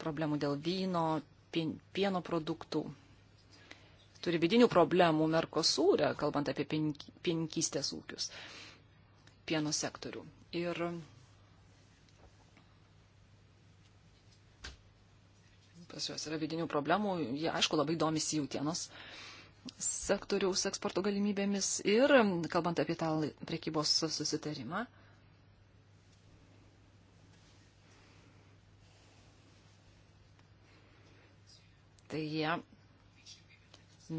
problemų dėl vyno, pieno produktų, turi vidinių problemų Merkosūrė, kalbant apie pieninkystės ūkius, pieno sektorių. Ir pas juos yra vidinių problemų, jie aišku labai domisi jautienos sektoriaus eksporto galimybėmis ir kalbant apie tą prekybos susitarimą Tai jie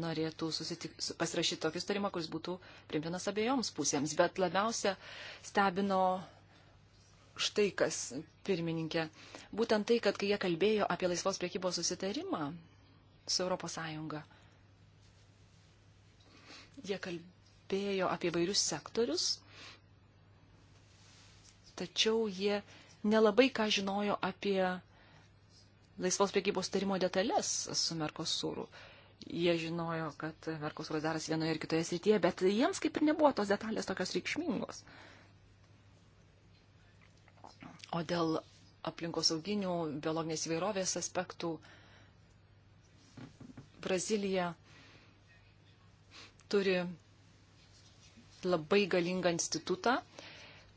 norėtų susitik, pasirašyti tokį sutarimą, kuris būtų primtinas abiejoms pusėms. Bet labiausia stebino štai kas, pirmininkė. Būtent tai, kad kai jie kalbėjo apie laisvos priekybos susitarimą su ES, jie kalbėjo apie vairius sektorius, tačiau jie nelabai ką žinojo apie laisvos priekybos tarimo detalės su Merkosūru. Jie žinojo, kad Merkosūras daras vienoje ir kitoje srityje, bet jiems kaip ir nebuvo tos detalės tokios reikšmingos. O dėl aplinkosauginių, biologinės įvairovės aspektų Brazilija turi labai galingą institutą,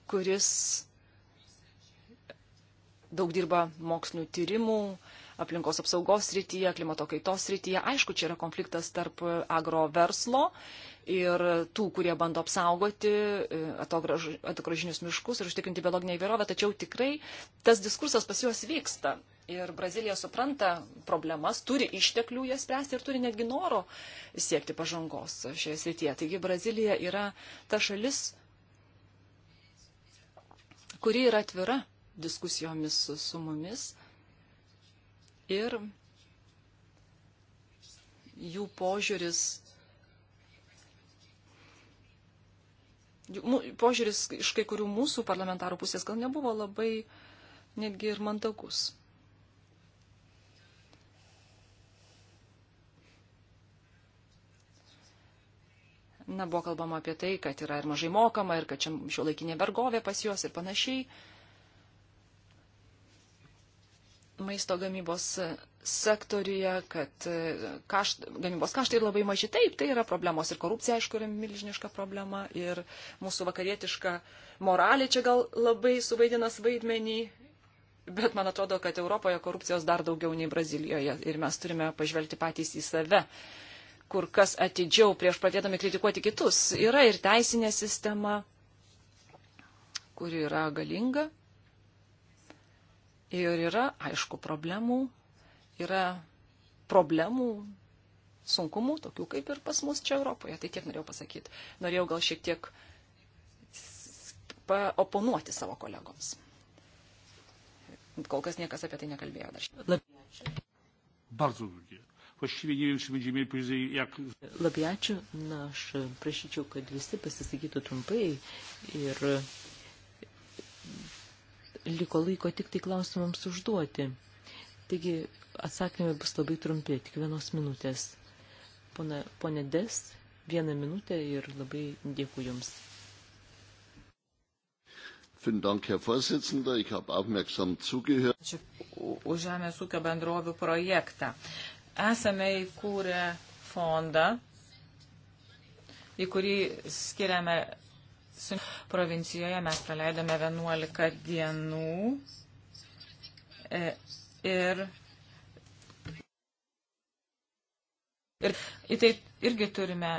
kuris daug dirba mokslinių tyrimų, aplinkos apsaugos srityje, klimato kaitos srityje. Aišku, čia yra konfliktas tarp e, agroverslo ir tų, kurie bando apsaugoti e, atogražinius miškus ir užtikrinti biologinę įvairovę, tačiau tikrai tas diskursas pas juos vyksta. Ir Brazilija supranta problemas, turi išteklių jas spręsti ir turi netgi noro siekti pažangos šioje srityje. Taigi Brazilija yra ta šalis, kuri yra atvira diskusijomis su, su mumis ir jų požiūris. Jų požiūris iš kai kurių mūsų parlamentarų pusės gal nebuvo labai netgi ir mandagus. Na, buvo kalbama apie tai, kad yra ir mažai mokama, ir kad čia šio laikinė vergovė pas juos ir panašiai. maisto gamybos sektoriuje, kad e, kašt, gamybos kaštai labai maži. Taip, tai yra problemos ir korupcija, aišku, yra milžiniška problema ir mūsų vakarietiška moralė čia gal labai suvaidinas vaidmenį, bet man atrodo, kad Europoje korupcijos dar daugiau nei Brazilijoje ir mes turime pažvelgti patys į save kur kas atidžiau prieš pradėdami kritikuoti kitus. Yra ir teisinė sistema, kuri yra galinga, Ir yra, aišku, problemų, yra problemų, sunkumų, tokių kaip ir pas mus čia Europoje. Tai tiek norėjau pasakyti. Norėjau gal šiek tiek oponuoti savo kolegoms. Kol kas niekas apie tai nekalbėjo dar. Labai ačiū. Bardzo długie. Właściwie nie wiem, czy będziemy mieli później jak... Labai ačiū. Na, aš prašyčiau, kad visi pasisakytų trumpai ir liko laiko tik tai klausimams užduoti. Taigi atsakymai bus labai trumpi, tik vienos minutės. Pone, pone Des, vieną minutę ir labai dėkui Jums. Ačiū už Žemės ūkio bendrovių projektą. Esame įkūrę fondą, į kurį skiriame Provincijoje mes praleidome 11 dienų e, ir, ir į tai irgi turime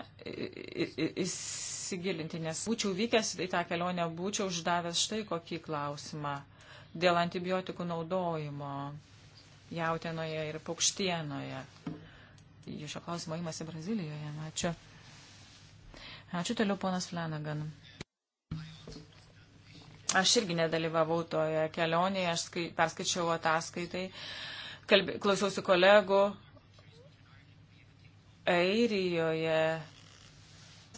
įsigilinti, nes būčiau vykęs į tą kelionę, būčiau uždavęs štai kokį klausimą dėl antibiotikų naudojimo jautienoje ir paukštienoje. Jų šio klausimo įmasi Brazilijoje. Ačiū. Ačiū toliau, ponas Flanagan. Aš irgi nedalyvavau toje kelionėje, aš skai, perskaičiau ataskaitai, kalbė, klausiausi kolegų Airijoje.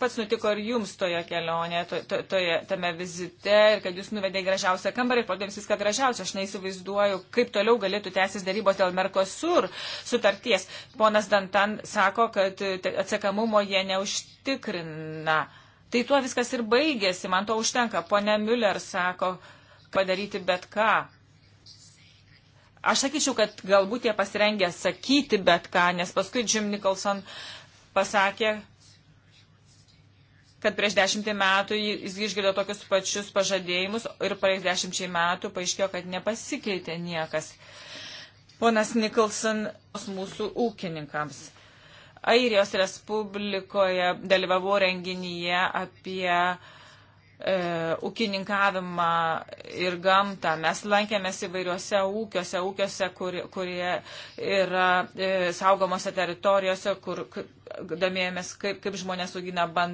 Pats nutiko ir jums toje kelionėje, to, to, toje, tame vizite ir kad jūs nuvedė gražiausią kambarį ir padėms viską gražiausią. Aš neįsivaizduoju, kaip toliau galėtų tęsis darybos dėl Merkosur sutarties. Ponas Dantan sako, kad atsekamumo jie neužtikrina. Tai tuo viskas ir baigėsi, man to užtenka. Pone Müller sako padaryti bet ką. Aš sakyčiau, kad galbūt jie pasirengė sakyti bet ką, nes paskui Jim Nicholson pasakė, kad prieš dešimtį metų jis išgirdo tokius pačius pažadėjimus ir praeis dešimčiai metų paaiškėjo, kad nepasikeitė niekas. Ponas Nikolson mūsų ūkininkams. Airijos Respublikoje dalyvavau renginyje apie e, ūkininkavimą ir gamtą. Mes lankėmės įvairiuose ūkiuose, ūkiuose, kur, kurie yra e, saugomose teritorijose, kur domėjomės, kaip, kaip žmonės augina bandą.